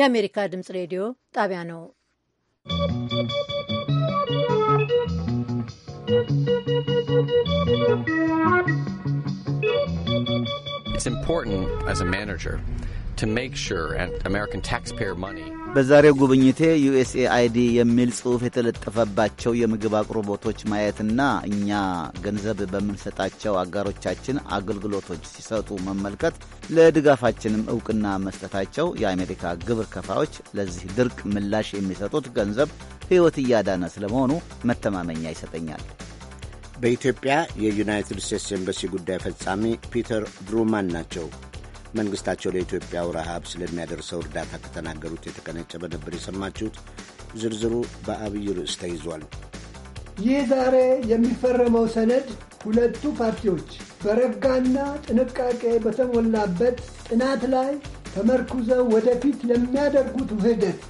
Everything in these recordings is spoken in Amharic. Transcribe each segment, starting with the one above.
የአሜሪካ ሬዲዮ ጣቢያ ነው። It's important as a manager to make sure that American taxpayer money በዛሬው ጉብኝቴ ዩኤስኤ አይዲ የሚል ጽሑፍ የተለጠፈባቸው የምግብ አቅርቦቶች ማየትና እኛ ገንዘብ በምንሰጣቸው አጋሮቻችን አገልግሎቶች ሲሰጡ መመልከት ለድጋፋችንም እውቅና መስጠታቸው የአሜሪካ ግብር ከፋዮች ለዚህ ድርቅ ምላሽ የሚሰጡት ገንዘብ ሕይወት እያዳነ ስለመሆኑ መተማመኛ ይሰጠኛል። በኢትዮጵያ የዩናይትድ ስቴትስ ኤምባሲ ጉዳይ ፈጻሚ ፒተር ድሩማን ናቸው። መንግስታቸው ለኢትዮጵያው ረሃብ ስለሚያደርሰው እርዳታ ከተናገሩት የተቀነጨበ ነበር የሰማችሁት። ዝርዝሩ በአብይ ርዕስ ተይዟል። ይህ ዛሬ የሚፈረመው ሰነድ ሁለቱ ፓርቲዎች በረጋና ጥንቃቄ በተሞላበት ጥናት ላይ ተመርኩዘው ወደፊት ለሚያደርጉት ውህደት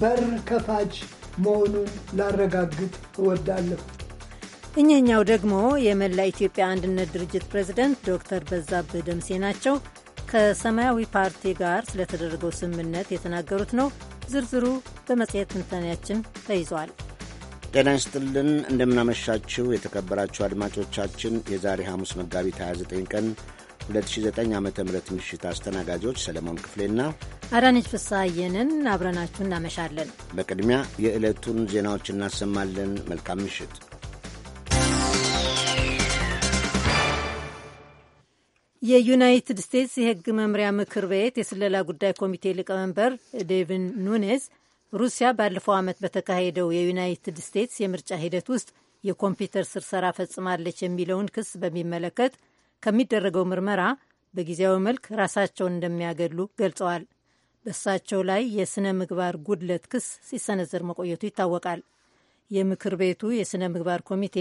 በር ከፋች መሆኑን ላረጋግጥ እወዳለሁ። እኛኛው ደግሞ የመላ ኢትዮጵያ አንድነት ድርጅት ፕሬዝደንት ዶክተር በዛብህ ደምሴ ናቸው። ከሰማያዊ ፓርቲ ጋር ስለተደረገው ስምምነት የተናገሩት ነው። ዝርዝሩ በመጽሔት ትንታኔያችን ተይዟል። ጤና ይስጥልን፣ እንደምናመሻችው የተከበራችሁ አድማጮቻችን የዛሬ ሐሙስ መጋቢት 29 ቀን 2009 ዓ ም ምሽት አስተናጋጆች ሰለሞን ክፍሌና አዳነች ፍስሐየንን አብረናችሁ እናመሻለን። በቅድሚያ የዕለቱን ዜናዎች እናሰማለን። መልካም ምሽት። የዩናይትድ ስቴትስ የህግ መምሪያ ምክር ቤት የስለላ ጉዳይ ኮሚቴ ሊቀመንበር ዴቪን ኑኔዝ ሩሲያ ባለፈው ዓመት በተካሄደው የዩናይትድ ስቴትስ የምርጫ ሂደት ውስጥ የኮምፒውተር ስርሰራ ፈጽማለች የሚለውን ክስ በሚመለከት ከሚደረገው ምርመራ በጊዜያዊ መልክ ራሳቸውን እንደሚያገሉ ገልጸዋል። በእሳቸው ላይ የሥነ ምግባር ጉድለት ክስ ሲሰነዘር መቆየቱ ይታወቃል። የምክር ቤቱ የሥነ ምግባር ኮሚቴ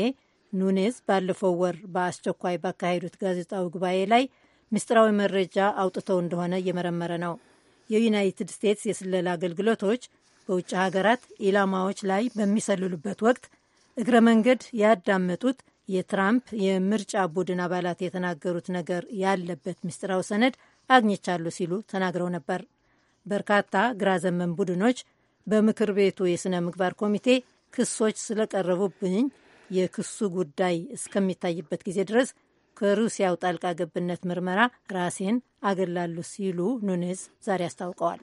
ኑኔዝ ባለፈው ወር በአስቸኳይ ባካሄዱት ጋዜጣዊ ጉባኤ ላይ ምስጢራዊ መረጃ አውጥተው እንደሆነ እየመረመረ ነው። የዩናይትድ ስቴትስ የስለላ አገልግሎቶች በውጭ ሀገራት ኢላማዎች ላይ በሚሰልሉበት ወቅት እግረ መንገድ ያዳመጡት የትራምፕ የምርጫ ቡድን አባላት የተናገሩት ነገር ያለበት ምስጢራዊ ሰነድ አግኝቻለሁ ሲሉ ተናግረው ነበር። በርካታ ግራ ዘመን ቡድኖች በምክር ቤቱ የሥነ ምግባር ኮሚቴ ክሶች ስለቀረቡብኝ የክሱ ጉዳይ እስከሚታይበት ጊዜ ድረስ ከሩሲያው ጣልቃ ገብነት ምርመራ ራሴን አገላሉ ሲሉ ኑኔዝ ዛሬ አስታውቀዋል።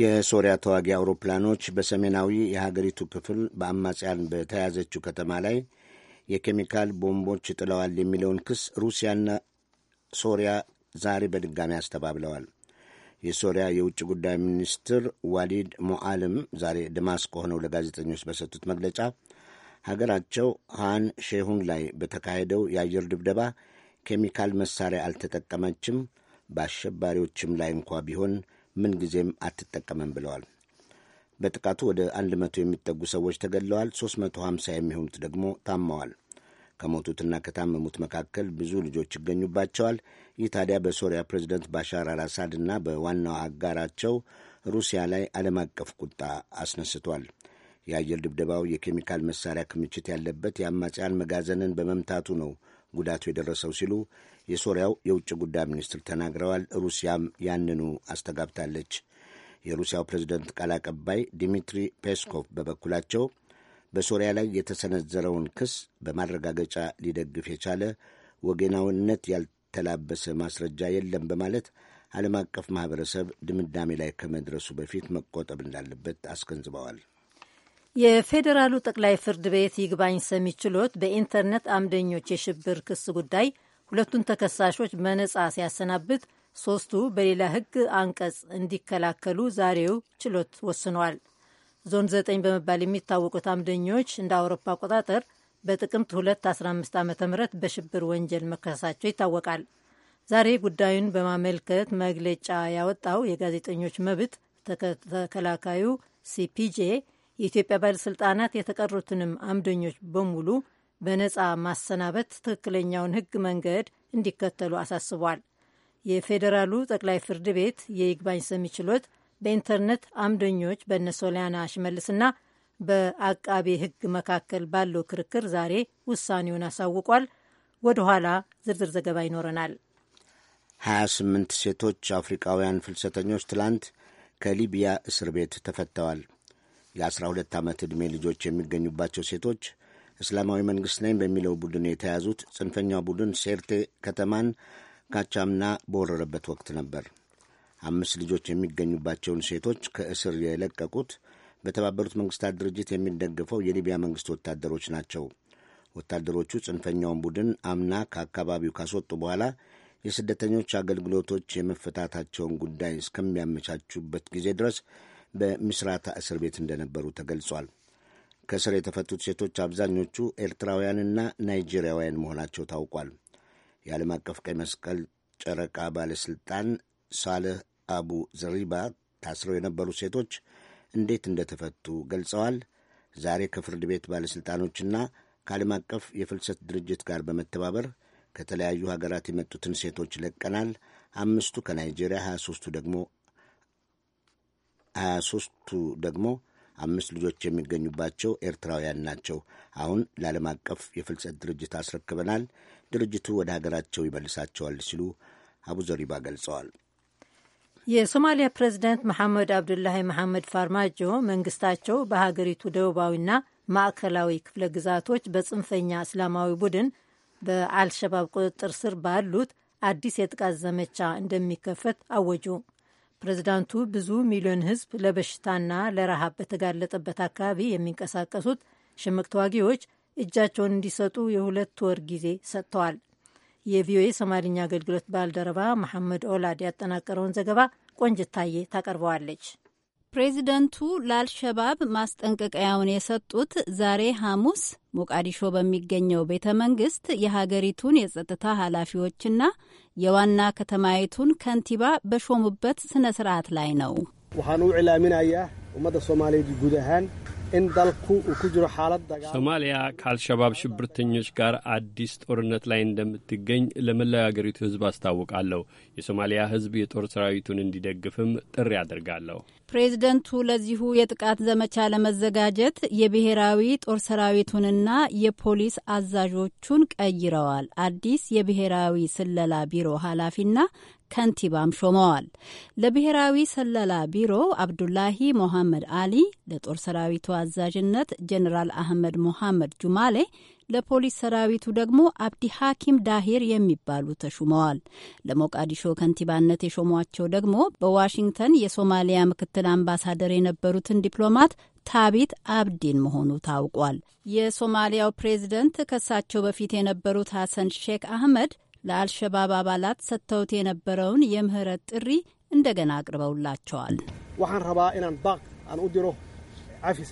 የሶሪያ ተዋጊ አውሮፕላኖች በሰሜናዊ የሀገሪቱ ክፍል በአማጽያን በተያዘችው ከተማ ላይ የኬሚካል ቦምቦች ጥለዋል የሚለውን ክስ ሩሲያና ሶሪያ ዛሬ በድጋሚ አስተባብለዋል። የሶሪያ የውጭ ጉዳይ ሚኒስትር ዋሊድ ሞአልም ዛሬ ደማስቆ ሆነው ለጋዜጠኞች በሰጡት መግለጫ ሀገራቸው ሃን ሼሁን ላይ በተካሄደው የአየር ድብደባ ኬሚካል መሳሪያ አልተጠቀመችም፣ በአሸባሪዎችም ላይ እንኳ ቢሆን ምንጊዜም አትጠቀመም ብለዋል። በጥቃቱ ወደ 100 የሚጠጉ ሰዎች ተገድለዋል፣ 350 የሚሆኑት ደግሞ ታመዋል። ከሞቱትና ከታመሙት መካከል ብዙ ልጆች ይገኙባቸዋል። ይህ ታዲያ በሶሪያ ፕሬዚደንት ባሻር አልአሳድ እና በዋናው አጋራቸው ሩሲያ ላይ ዓለም አቀፍ ቁጣ አስነስቷል። የአየር ድብደባው የኬሚካል መሳሪያ ክምችት ያለበት የአማጽያን መጋዘንን በመምታቱ ነው ጉዳቱ የደረሰው ሲሉ የሶሪያው የውጭ ጉዳይ ሚኒስትር ተናግረዋል። ሩሲያም ያንኑ አስተጋብታለች። የሩሲያው ፕሬዝደንት ቃል አቀባይ ዲሚትሪ ፔስኮቭ በበኩላቸው በሶሪያ ላይ የተሰነዘረውን ክስ በማረጋገጫ ሊደግፍ የቻለ ወገናዊነት ያልተላበሰ ማስረጃ የለም በማለት ዓለም አቀፍ ማህበረሰብ ድምዳሜ ላይ ከመድረሱ በፊት መቆጠብ እንዳለበት አስገንዝበዋል። የፌዴራሉ ጠቅላይ ፍርድ ቤት ይግባኝ ሰሚ ችሎት በኢንተርኔት አምደኞች የሽብር ክስ ጉዳይ ሁለቱን ተከሳሾች በነጻ ሲያሰናብት ሶስቱ በሌላ ሕግ አንቀጽ እንዲከላከሉ ዛሬው ችሎት ወስኗል። ዞን 9 በመባል የሚታወቁት አምደኞች እንደ አውሮፓ አቆጣጠር በጥቅምት 2015 ዓ ም በሽብር ወንጀል መከሰሳቸው ይታወቃል። ዛሬ ጉዳዩን በማመልከት መግለጫ ያወጣው የጋዜጠኞች መብት ተከላካዩ ሲፒጄ የኢትዮጵያ ባለሥልጣናት የተቀሩትንም አምደኞች በሙሉ በነፃ ማሰናበት ትክክለኛውን ሕግ መንገድ እንዲከተሉ አሳስቧል። የፌዴራሉ ጠቅላይ ፍርድ ቤት የይግባኝ ሰሚ ችሎት በኢንተርኔት አምደኞች በነ ሶሊያና ሽመልስና በአቃቤ ሕግ መካከል ባለው ክርክር ዛሬ ውሳኔውን አሳውቋል። ወደ ኋላ ዝርዝር ዘገባ ይኖረናል። 28 ሴቶች አፍሪቃውያን ፍልሰተኞች ትላንት ከሊቢያ እስር ቤት ተፈተዋል። የ12 ዓመት ዕድሜ ልጆች የሚገኙባቸው ሴቶች እስላማዊ መንግሥት ነኝ በሚለው ቡድን የተያዙት ጽንፈኛው ቡድን ሴርቴ ከተማን ካቻምና በወረረበት ወቅት ነበር። አምስት ልጆች የሚገኙባቸውን ሴቶች ከእስር የለቀቁት በተባበሩት መንግሥታት ድርጅት የሚደገፈው የሊቢያ መንግሥት ወታደሮች ናቸው። ወታደሮቹ ጽንፈኛውን ቡድን አምና ከአካባቢው ካስወጡ በኋላ የስደተኞች አገልግሎቶች የመፈታታቸውን ጉዳይ እስከሚያመቻቹበት ጊዜ ድረስ በምስራታ እስር ቤት እንደነበሩ ተገልጿል። ከእስር የተፈቱት ሴቶች አብዛኞቹ ኤርትራውያንና ናይጄሪያውያን መሆናቸው ታውቋል። የዓለም አቀፍ ቀይ መስቀል ጨረቃ ባለሥልጣን ሳልህ አቡ ዘሪባ ታስረው የነበሩ ሴቶች እንዴት እንደተፈቱ ገልጸዋል። ዛሬ ከፍርድ ቤት ባለሥልጣኖችና ከዓለም አቀፍ የፍልሰት ድርጅት ጋር በመተባበር ከተለያዩ ሀገራት የመጡትን ሴቶች ለቀናል። አምስቱ ከናይጄሪያ፣ 23ቱ ደግሞ ሀያ ሦስቱ ደግሞ አምስት ልጆች የሚገኙባቸው ኤርትራውያን ናቸው። አሁን ለዓለም አቀፍ የፍልሰት ድርጅት አስረክበናል። ድርጅቱ ወደ ሀገራቸው ይመልሳቸዋል ሲሉ አቡ ዘሪባ ገልጸዋል። የሶማሊያ ፕሬዚደንት መሐመድ አብዱላሂ መሐመድ ፋርማጆ መንግስታቸው በሀገሪቱ ደቡባዊና ማዕከላዊ ክፍለ ግዛቶች በጽንፈኛ እስላማዊ ቡድን በአልሸባብ ቁጥጥር ስር ባሉት አዲስ የጥቃት ዘመቻ እንደሚከፈት አወጁ። ፕሬዚዳንቱ ብዙ ሚሊዮን ህዝብ ለበሽታና ለረሃብ በተጋለጠበት አካባቢ የሚንቀሳቀሱት ሽምቅ ተዋጊዎች እጃቸውን እንዲሰጡ የሁለት ወር ጊዜ ሰጥተዋል። የቪኦኤ ሰማልኛ አገልግሎት ባልደረባ መሐመድ ኦላድ ያጠናቀረውን ዘገባ ቆንጅታዬ ታቀርበዋለች። ፕሬዚደንቱ ለአልሸባብ ማስጠንቀቂያውን የሰጡት ዛሬ ሐሙስ ሞቃዲሾ በሚገኘው ቤተ መንግስት የሀገሪቱን የጸጥታ ኃላፊዎችና የዋና ከተማይቱን ከንቲባ በሾሙበት ስነ ስርዓት ላይ ነው። waxaan u cilaaminayaa ummadda soomaaliyeed ሶማሊያ ከአልሸባብ ሽብርተኞች ጋር አዲስ ጦርነት ላይ እንደምትገኝ ለመላው አገሪቱ ሕዝብ አስታውቃለሁ። የሶማሊያ ሕዝብ የጦር ሰራዊቱን እንዲደግፍም ጥሪ አድርጋለሁ። ፕሬዝደንቱ ለዚሁ የጥቃት ዘመቻ ለመዘጋጀት የብሔራዊ ጦር ሰራዊቱንና የፖሊስ አዛዦቹን ቀይረዋል። አዲስ የብሔራዊ ስለላ ቢሮ ኃላፊና ከንቲባም ሾመዋል። ለብሔራዊ ስለላ ቢሮ አብዱላሂ ሞሐመድ አሊ፣ ለጦር ሰራዊቱ አዛዥነት ጀኔራል አህመድ ሞሐመድ ጁማሌ ለፖሊስ ሰራዊቱ ደግሞ አብዲ ሐኪም ዳሂር የሚባሉ ተሹመዋል። ለሞቃዲሾ ከንቲባነት የሾሟቸው ደግሞ በዋሽንግተን የሶማሊያ ምክትል አምባሳደር የነበሩትን ዲፕሎማት ታቢት አብዲን መሆኑ ታውቋል። የሶማሊያው ፕሬዝደንት ከሳቸው በፊት የነበሩት ሐሰን ሼክ አህመድ ለአልሸባብ አባላት ሰጥተውት የነበረውን የምህረት ጥሪ እንደገና አቅርበውላቸዋል። waxaan ረባ ኢናን ባቅ aan u diro cafis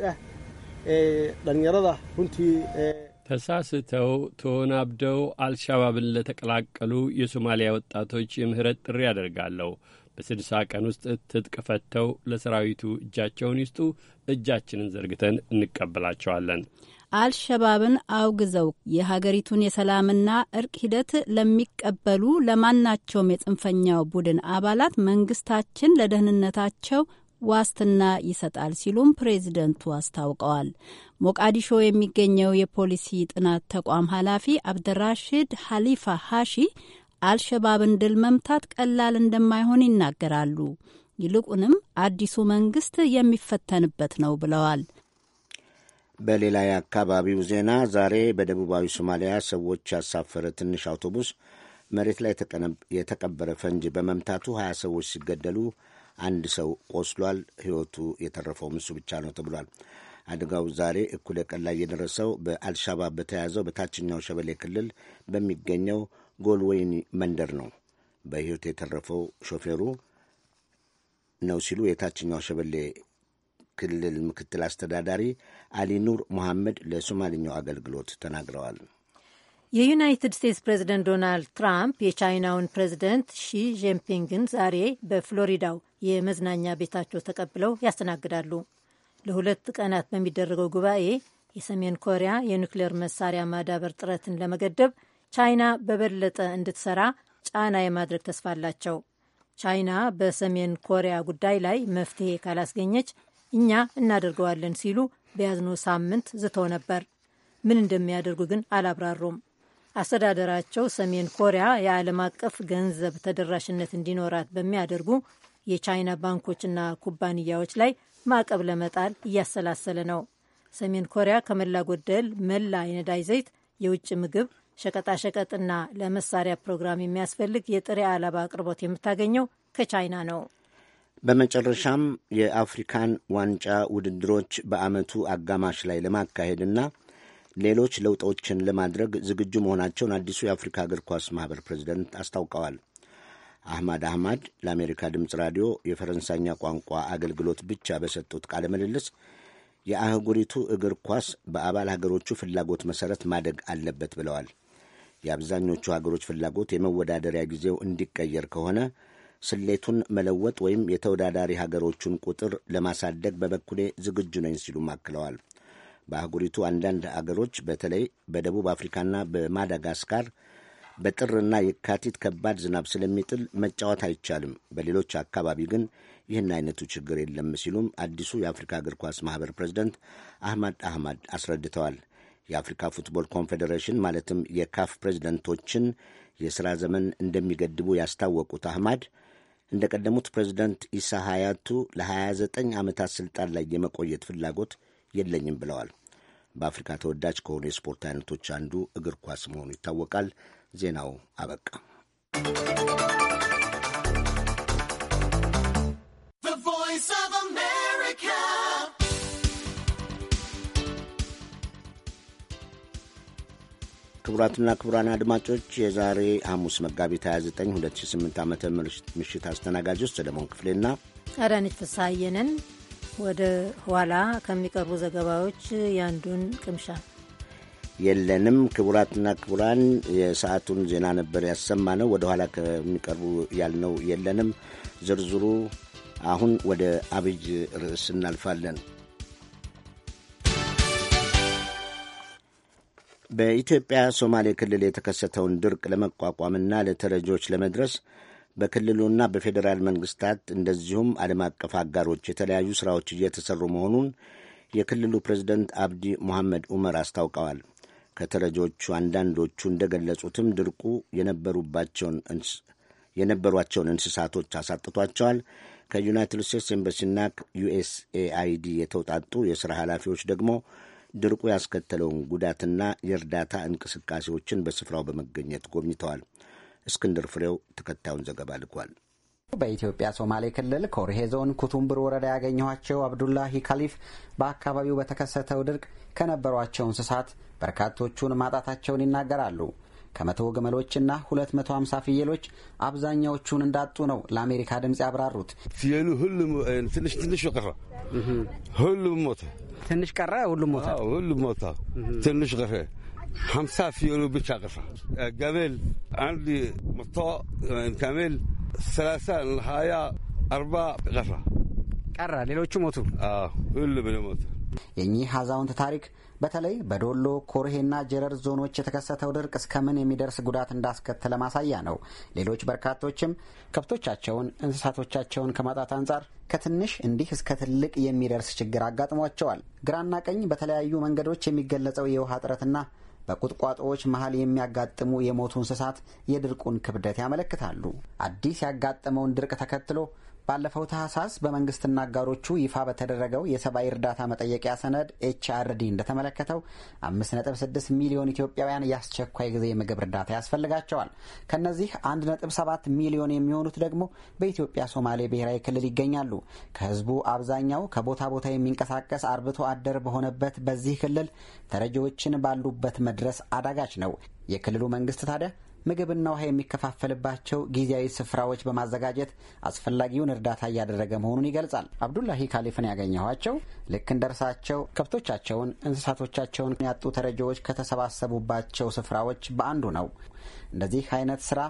ተሳስተው ተወናብደው አልሻባብን ለተቀላቀሉ የሶማሊያ ወጣቶች የምህረት ጥሪ አደርጋለሁ። በስድሳ ቀን ውስጥ ትጥቅ ፈተው ለሰራዊቱ እጃቸውን ይስጡ። እጃችንን ዘርግተን እንቀበላቸዋለን። አልሸባብን አውግዘው የሀገሪቱን የሰላምና እርቅ ሂደት ለሚቀበሉ ለማናቸውም የጽንፈኛው ቡድን አባላት መንግስታችን ለደህንነታቸው ዋስትና ይሰጣል ሲሉም ፕሬዚደንቱ አስታውቀዋል። ሞቃዲሾ የሚገኘው የፖሊሲ ጥናት ተቋም ኃላፊ አብደራሽድ ሀሊፋ ሀሺ አልሸባብን ድል መምታት ቀላል እንደማይሆን ይናገራሉ። ይልቁንም አዲሱ መንግስት የሚፈተንበት ነው ብለዋል። በሌላ የአካባቢው ዜና ዛሬ በደቡባዊ ሶማሊያ ሰዎች ያሳፈረ ትንሽ አውቶቡስ መሬት ላይ የተቀበረ ፈንጂ በመምታቱ ሀያ ሰዎች ሲገደሉ አንድ ሰው ቆስሏል። ሕይወቱ የተረፈው ምሱ ብቻ ነው ተብሏል። አደጋው ዛሬ እኩለ ቀን ላይ የደረሰው በአልሻባብ በተያዘው በታችኛው ሸበሌ ክልል በሚገኘው ጎልወይኒ መንደር ነው። በሕይወት የተረፈው ሾፌሩ ነው ሲሉ የታችኛው ሸበሌ ክልል ምክትል አስተዳዳሪ አሊ ኑር መሐመድ ለሶማልኛው አገልግሎት ተናግረዋል። የዩናይትድ ስቴትስ ፕሬዚደንት ዶናልድ ትራምፕ የቻይናውን ፕሬዚደንት ሺ ጂንፒንግን ዛሬ በፍሎሪዳው የመዝናኛ ቤታቸው ተቀብለው ያስተናግዳሉ። ለሁለት ቀናት በሚደረገው ጉባኤ የሰሜን ኮሪያ የኒክሌር መሳሪያ ማዳበር ጥረትን ለመገደብ ቻይና በበለጠ እንድትሰራ ጫና የማድረግ ተስፋ አላቸው። ቻይና በሰሜን ኮሪያ ጉዳይ ላይ መፍትሄ ካላስገኘች እኛ እናደርገዋለን ሲሉ በያዝነው ሳምንት ዝተው ነበር። ምን እንደሚያደርጉ ግን አላብራሩም። አስተዳደራቸው ሰሜን ኮሪያ የዓለም አቀፍ ገንዘብ ተደራሽነት እንዲኖራት በሚያደርጉ የቻይና ባንኮችና ኩባንያዎች ላይ ማዕቀብ ለመጣል እያሰላሰለ ነው። ሰሜን ኮሪያ ከመላ ጎደል መላ የነዳጅ ዘይት፣ የውጭ ምግብ፣ ሸቀጣሸቀጥና ለመሳሪያ ፕሮግራም የሚያስፈልግ የጥሬ አለባ አቅርቦት የምታገኘው ከቻይና ነው። በመጨረሻም የአፍሪካን ዋንጫ ውድድሮች በዓመቱ አጋማሽ ላይ ለማካሄድና ሌሎች ለውጦችን ለማድረግ ዝግጁ መሆናቸውን አዲሱ የአፍሪካ እግር ኳስ ማህበር ፕሬዚደንት አስታውቀዋል። አህማድ አህማድ ለአሜሪካ ድምፅ ራዲዮ የፈረንሳይኛ ቋንቋ አገልግሎት ብቻ በሰጡት ቃለ ምልልስ የአህጉሪቱ እግር ኳስ በአባል ሀገሮቹ ፍላጎት መሰረት ማደግ አለበት ብለዋል። የአብዛኞቹ ሀገሮች ፍላጎት የመወዳደሪያ ጊዜው እንዲቀየር ከሆነ ስሌቱን መለወጥ ወይም የተወዳዳሪ ሀገሮቹን ቁጥር ለማሳደግ በበኩሌ ዝግጁ ነኝ ሲሉም አክለዋል። በአህጉሪቱ አንዳንድ አገሮች በተለይ በደቡብ አፍሪካና በማዳጋስካር በጥርና የካቲት ከባድ ዝናብ ስለሚጥል መጫወት አይቻልም፣ በሌሎች አካባቢ ግን ይህን አይነቱ ችግር የለም ሲሉም አዲሱ የአፍሪካ እግር ኳስ ማህበር ፕሬዚደንት አህማድ አህማድ አስረድተዋል። የአፍሪካ ፉትቦል ኮንፌዴሬሽን ማለትም የካፍ ፕሬዚደንቶችን የሥራ ዘመን እንደሚገድቡ ያስታወቁት አህማድ እንደ ቀደሙት ፕሬዚደንት ኢሳ ሀያቱ ለ29 ዓመታት ሥልጣን ላይ የመቆየት ፍላጎት የለኝም ብለዋል። በአፍሪካ ተወዳጅ ከሆኑ የስፖርት አይነቶች አንዱ እግር ኳስ መሆኑ ይታወቃል። ዜናው አበቃ። ክቡራትና ክቡራን አድማጮች የዛሬ ሐሙስ መጋቢት 29 2008 ዓ ም ምሽት አስተናጋጆች ሰለሞን ክፍሌና አዳነች ፍስሐየንን ወደ ኋላ ከሚቀርቡ ዘገባዎች ያንዱን ቅምሻ የለንም። ክቡራትና ክቡራን የሰዓቱን ዜና ነበር ያሰማ ነው። ወደ ኋላ ከሚቀርቡ ያልነው የለንም። ዝርዝሩ አሁን ወደ አብይ ርዕስ እናልፋለን። በኢትዮጵያ ሶማሌ ክልል የተከሰተውን ድርቅ ለመቋቋምና ለተረጆች ለመድረስ በክልሉና በፌዴራል መንግስታት እንደዚሁም ዓለም አቀፍ አጋሮች የተለያዩ ስራዎች እየተሰሩ መሆኑን የክልሉ ፕሬዝደንት አብዲ ሙሐመድ ዑመር አስታውቀዋል። ከተረጆቹ አንዳንዶቹ እንደገለጹትም ድርቁ የነበሯቸውን እንስሳቶች አሳጥቷቸዋል። ከዩናይትድ ስቴትስ ኤምባሲና ዩኤስኤአይዲ የተውጣጡ የሥራ ኃላፊዎች ደግሞ ድርቁ ያስከተለውን ጉዳትና የእርዳታ እንቅስቃሴዎችን በስፍራው በመገኘት ጎብኝተዋል። እስክንድር ፍሬው ተከታዩን ዘገባ ልኳል። በኢትዮጵያ ሶማሌ ክልል ኮርሄ ዞን ኩቱምብር ወረዳ ያገኘኋቸው አብዱላሂ ካሊፍ በአካባቢው በተከሰተው ድርቅ ከነበሯቸው እንስሳት በርካቶቹን ማጣታቸውን ይናገራሉ። ከመቶ ግመሎችና 250 ፍየሎች አብዛኛዎቹን እንዳጡ ነው ለአሜሪካ ድምፅ ያብራሩት። ፍየሉ ሁሉም ትንሽ ትንሽ ቀረ፣ ሁሉም ሞተ። ትንሽ ቀረ፣ ሁሉም ሞተ። ሁሉም ሞተ፣ ትንሽ ቀረ። ሀምሳ ፍየሉ ብቻ ቀረ። ገበል አንድ መቶ ከምል ሰላሳ ሀያ አርባ ቀረ ቀረ ሌሎቹ ሞቱ። ሁሉ ብሎ ሞቱ። የእኚህ አዛውንት ታሪክ በተለይ በዶሎ ኮርሄና ጀረር ዞኖች የተከሰተው ድርቅ እስከምን የሚደርስ ጉዳት እንዳስከተለ ማሳያ ነው። ሌሎች በርካቶችም ከብቶቻቸውን፣ እንስሳቶቻቸውን ከማጣት አንጻር ከትንሽ እንዲህ እስከ ትልቅ የሚደርስ ችግር አጋጥሟቸዋል። ግራና ቀኝ በተለያዩ መንገዶች የሚገለጸው የውሃ እጥረትና በቁጥቋጦዎች መሀል የሚያጋጥሙ የሞቱ እንስሳት የድርቁን ክብደት ያመለክታሉ። አዲስ ያጋጠመውን ድርቅ ተከትሎ ባለፈው ታህሳስ በመንግስትና አጋሮቹ ይፋ በተደረገው የሰብአዊ እርዳታ መጠየቂያ ሰነድ ኤችአርዲ እንደተመለከተው 5.6 ሚሊዮን ኢትዮጵያውያን የአስቸኳይ ጊዜ የምግብ እርዳታ ያስፈልጋቸዋል። ከእነዚህ 1.7 ሚሊዮን የሚሆኑት ደግሞ በኢትዮጵያ ሶማሌ ብሔራዊ ክልል ይገኛሉ። ከህዝቡ አብዛኛው ከቦታ ቦታ የሚንቀሳቀስ አርብቶ አደር በሆነበት በዚህ ክልል ተረጂዎችን ባሉበት መድረስ አዳጋች ነው። የክልሉ መንግስት ታዲያ ምግብና ውሃ የሚከፋፈልባቸው ጊዜያዊ ስፍራዎች በማዘጋጀት አስፈላጊውን እርዳታ እያደረገ መሆኑን ይገልጻል። አብዱላሂ ካሊፍን ያገኘኋቸው ልክ እንደርሳቸው ከብቶቻቸውን፣ እንስሳቶቻቸውን ያጡ ተረጂዎች ከተሰባሰቡባቸው ስፍራዎች በአንዱ ነው። እንደዚህ አይነት ስራ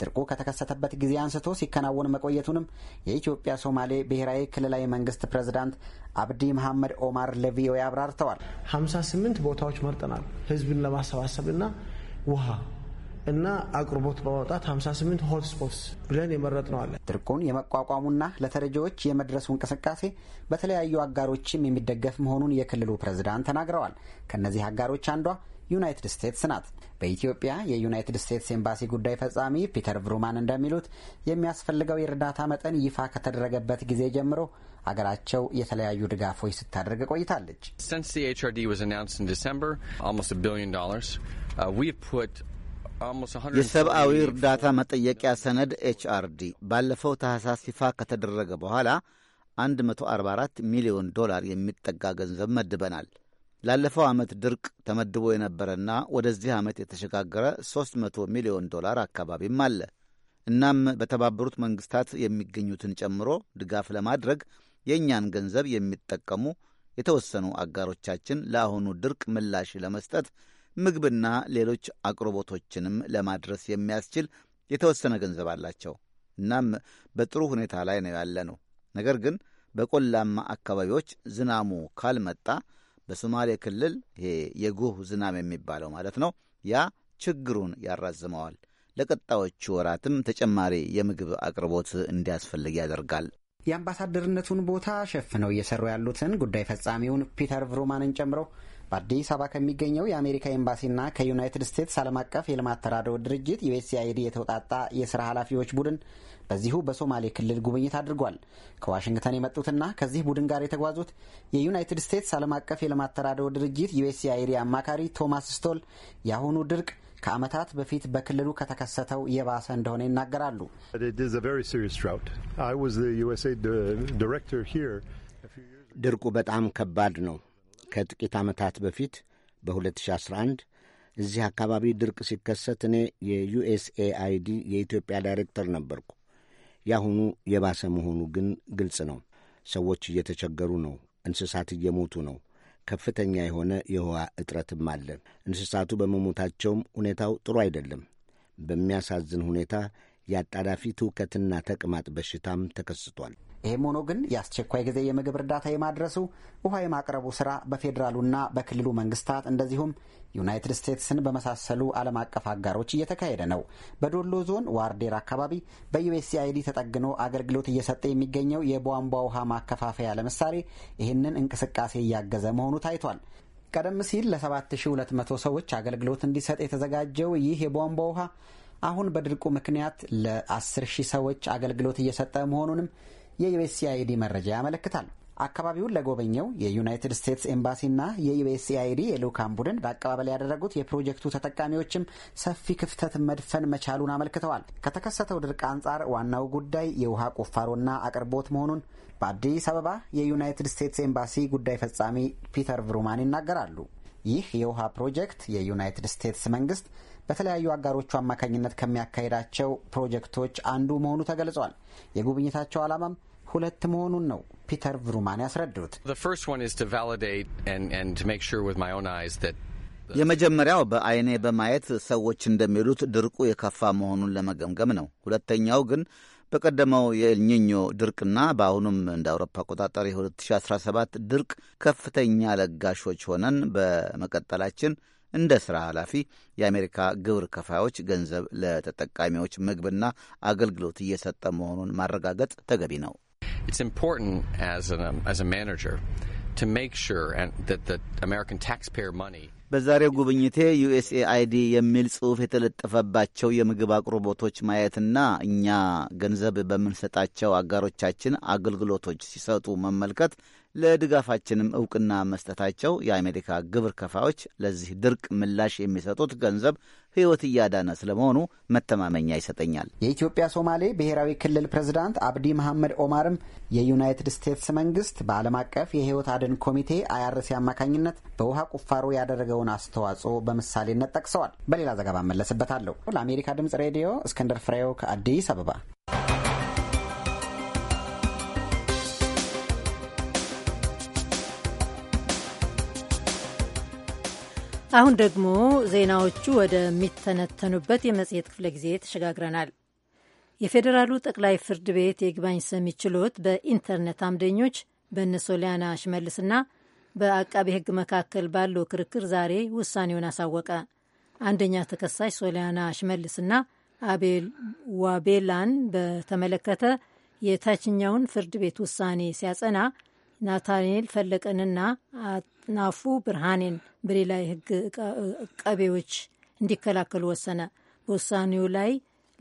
ድርቁ ከተከሰተበት ጊዜ አንስቶ ሲከናወን መቆየቱንም የኢትዮጵያ ሶማሌ ብሔራዊ ክልላዊ መንግስት ፕሬዝዳንት አብዲ መሐመድ ኦማር ለቪኦኤ አብራርተዋል። 58 ቦታዎች መርጠናል ህዝብን ለማሰባሰብና ውሃ እና አቅርቦት በማውጣት 58 ሆትስፖትስ ብለን ነው አለ። ድርቁን የመቋቋሙና ለተረጂዎች የመድረሱ እንቅስቃሴ በተለያዩ አጋሮችም የሚደገፍ መሆኑን የክልሉ ፕሬዝዳንት ተናግረዋል። ከእነዚህ አጋሮች አንዷ ዩናይትድ ስቴትስ ናት። በኢትዮጵያ የዩናይትድ ስቴትስ ኤምባሲ ጉዳይ ፈጻሚ ፒተር ቭሩማን እንደሚሉት የሚያስፈልገው የእርዳታ መጠን ይፋ ከተደረገበት ጊዜ ጀምሮ አገራቸው የተለያዩ ድጋፎች ስታደርግ ቆይታለች። የሰብአዊ እርዳታ መጠየቂያ ሰነድ ኤችአርዲ ባለፈው ታህሳስ ይፋ ከተደረገ በኋላ 144 ሚሊዮን ዶላር የሚጠጋ ገንዘብ መድበናል። ላለፈው ዓመት ድርቅ ተመድቦ የነበረና ወደዚህ ዓመት የተሸጋገረ 300 ሚሊዮን ዶላር አካባቢም አለ። እናም በተባበሩት መንግሥታት የሚገኙትን ጨምሮ ድጋፍ ለማድረግ የእኛን ገንዘብ የሚጠቀሙ የተወሰኑ አጋሮቻችን ለአሁኑ ድርቅ ምላሽ ለመስጠት ምግብና ሌሎች አቅርቦቶችንም ለማድረስ የሚያስችል የተወሰነ ገንዘብ አላቸው። እናም በጥሩ ሁኔታ ላይ ነው ያለ ነው። ነገር ግን በቆላማ አካባቢዎች ዝናሙ ካልመጣ በሶማሌ ክልል ይሄ የጉህ ዝናም የሚባለው ማለት ነው፣ ያ ችግሩን ያራዝመዋል። ለቀጣዮቹ ወራትም ተጨማሪ የምግብ አቅርቦት እንዲያስፈልግ ያደርጋል። የአምባሳደርነቱን ቦታ ሸፍነው እየሰሩ ያሉትን ጉዳይ ፈጻሚውን ፒተር ቭሩማንን ጨምሮ በአዲስ አበባ ከሚገኘው የአሜሪካ ኤምባሲና ከዩናይትድ ስቴትስ ዓለም አቀፍ የልማት ተራድኦ ድርጅት ዩኤስአይዲ የተውጣጣ የስራ ኃላፊዎች ቡድን በዚሁ በሶማሌ ክልል ጉብኝት አድርጓል። ከዋሽንግተን የመጡትና ከዚህ ቡድን ጋር የተጓዙት የዩናይትድ ስቴትስ ዓለም አቀፍ የልማት ተራድኦ ድርጅት ዩኤስአይዲ አማካሪ ቶማስ ስቶል የአሁኑ ድርቅ ከዓመታት በፊት በክልሉ ከተከሰተው የባሰ እንደሆነ ይናገራሉ። ድርቁ በጣም ከባድ ነው። ከጥቂት ዓመታት በፊት በ2011 እዚህ አካባቢ ድርቅ ሲከሰት እኔ የዩኤስኤአይዲ የኢትዮጵያ ዳይሬክተር ነበርኩ። የአሁኑ የባሰ መሆኑ ግን ግልጽ ነው። ሰዎች እየተቸገሩ ነው። እንስሳት እየሞቱ ነው። ከፍተኛ የሆነ የውሃ እጥረትም አለ። እንስሳቱ በመሞታቸውም ሁኔታው ጥሩ አይደለም። በሚያሳዝን ሁኔታ የአጣዳፊ ትውከትና ተቅማጥ በሽታም ተከስቷል። ይህም ሆኖ ግን የአስቸኳይ ጊዜ የምግብ እርዳታ የማድረሱ ውሃ የማቅረቡ ስራ በፌዴራሉና በክልሉ መንግስታት እንደዚሁም ዩናይትድ ስቴትስን በመሳሰሉ ዓለም አቀፍ አጋሮች እየተካሄደ ነው። በዶሎ ዞን ዋርዴር አካባቢ በዩኤስኤአይዲ ተጠግኖ አገልግሎት እየሰጠ የሚገኘው የቧንቧ ውሃ ማከፋፈያ ለምሳሌ ይህንን እንቅስቃሴ እያገዘ መሆኑ ታይቷል። ቀደም ሲል ለ7200 ሰዎች አገልግሎት እንዲሰጥ የተዘጋጀው ይህ የቧንቧ ውሃ አሁን በድርቁ ምክንያት ለ10 ሺህ ሰዎች አገልግሎት እየሰጠ መሆኑንም የዩኤስኤአይዲ መረጃ ያመለክታል። አካባቢውን ለጎበኘው የዩናይትድ ስቴትስ ኤምባሲና የዩኤስኤአይዲ የልዑካን ቡድን በአቀባበል ያደረጉት የፕሮጀክቱ ተጠቃሚዎችም ሰፊ ክፍተት መድፈን መቻሉን አመልክተዋል። ከተከሰተው ድርቅ አንጻር ዋናው ጉዳይ የውሃ ቁፋሮና አቅርቦት መሆኑን በአዲስ አበባ የዩናይትድ ስቴትስ ኤምባሲ ጉዳይ ፈጻሚ ፒተር ቭሩማን ይናገራሉ። ይህ የውሃ ፕሮጀክት የዩናይትድ ስቴትስ መንግስት በተለያዩ አጋሮቹ አማካኝነት ከሚያካሂዳቸው ፕሮጀክቶች አንዱ መሆኑ ተገልጿል። የጉብኝታቸው ዓላማም ሁለት መሆኑን ነው ፒተር ቭሩማን ያስረዱት። የመጀመሪያው በአይኔ በማየት ሰዎች እንደሚሉት ድርቁ የከፋ መሆኑን ለመገምገም ነው። ሁለተኛው ግን በቀደመው የኤልኒኞ ድርቅና በአሁኑም እንደ አውሮፓ አቆጣጠር የ2017 ድርቅ ከፍተኛ ለጋሾች ሆነን በመቀጠላችን እንደ ሥራ ኃላፊ የአሜሪካ ግብር ከፋዮች ገንዘብ ለተጠቃሚዎች ምግብና አገልግሎት እየሰጠ መሆኑን ማረጋገጥ ተገቢ ነው። It's important as, an, um, as a manager to make sure and that the American taxpayer money በዛሬው ጉብኝቴ ዩኤስኤአይዲ የሚል ጽሑፍ የተለጠፈባቸው የምግብ አቅርቦቶች ማየትና እኛ ገንዘብ በምንሰጣቸው አጋሮቻችን አገልግሎቶች ሲሰጡ መመልከት ለድጋፋችንም እውቅና መስጠታቸው የአሜሪካ ግብር ከፋዮች ለዚህ ድርቅ ምላሽ የሚሰጡት ገንዘብ ሕይወት እያዳነ ስለመሆኑ መተማመኛ ይሰጠኛል። የኢትዮጵያ ሶማሌ ብሔራዊ ክልል ፕሬዝዳንት አብዲ መሐመድ ኦማርም የዩናይትድ ስቴትስ መንግስት በዓለም አቀፍ የሕይወት አድን ኮሚቴ አይአርሲ አማካኝነት በውሃ ቁፋሮ ያደረገውን አስተዋጽኦ በምሳሌነት ጠቅሰዋል። በሌላ ዘገባ እመለስበታለሁ። ለአሜሪካ ድምጽ ሬዲዮ እስክንድር ፍሬው ከአዲስ አበባ አሁን ደግሞ ዜናዎቹ ወደሚተነተኑበት የመጽሔት ክፍለ ጊዜ ተሸጋግረናል። የፌዴራሉ ጠቅላይ ፍርድ ቤት የይግባኝ ሰሚ ችሎት በኢንተርኔት አምደኞች በእነ ሶሊያና ሽመልስና በአቃቤ ሕግ መካከል ባለው ክርክር ዛሬ ውሳኔውን አሳወቀ። አንደኛ ተከሳሽ ሶሊያና ሽመልስና አቤል ዋቤላን በተመለከተ የታችኛውን ፍርድ ቤት ውሳኔ ሲያጸና ናታንኤል ፈለቀንና ናፉ ብርሃኔን በሌላ የህግ ቀቤዎች እንዲከላከሉ ወሰነ። በውሳኔው ላይ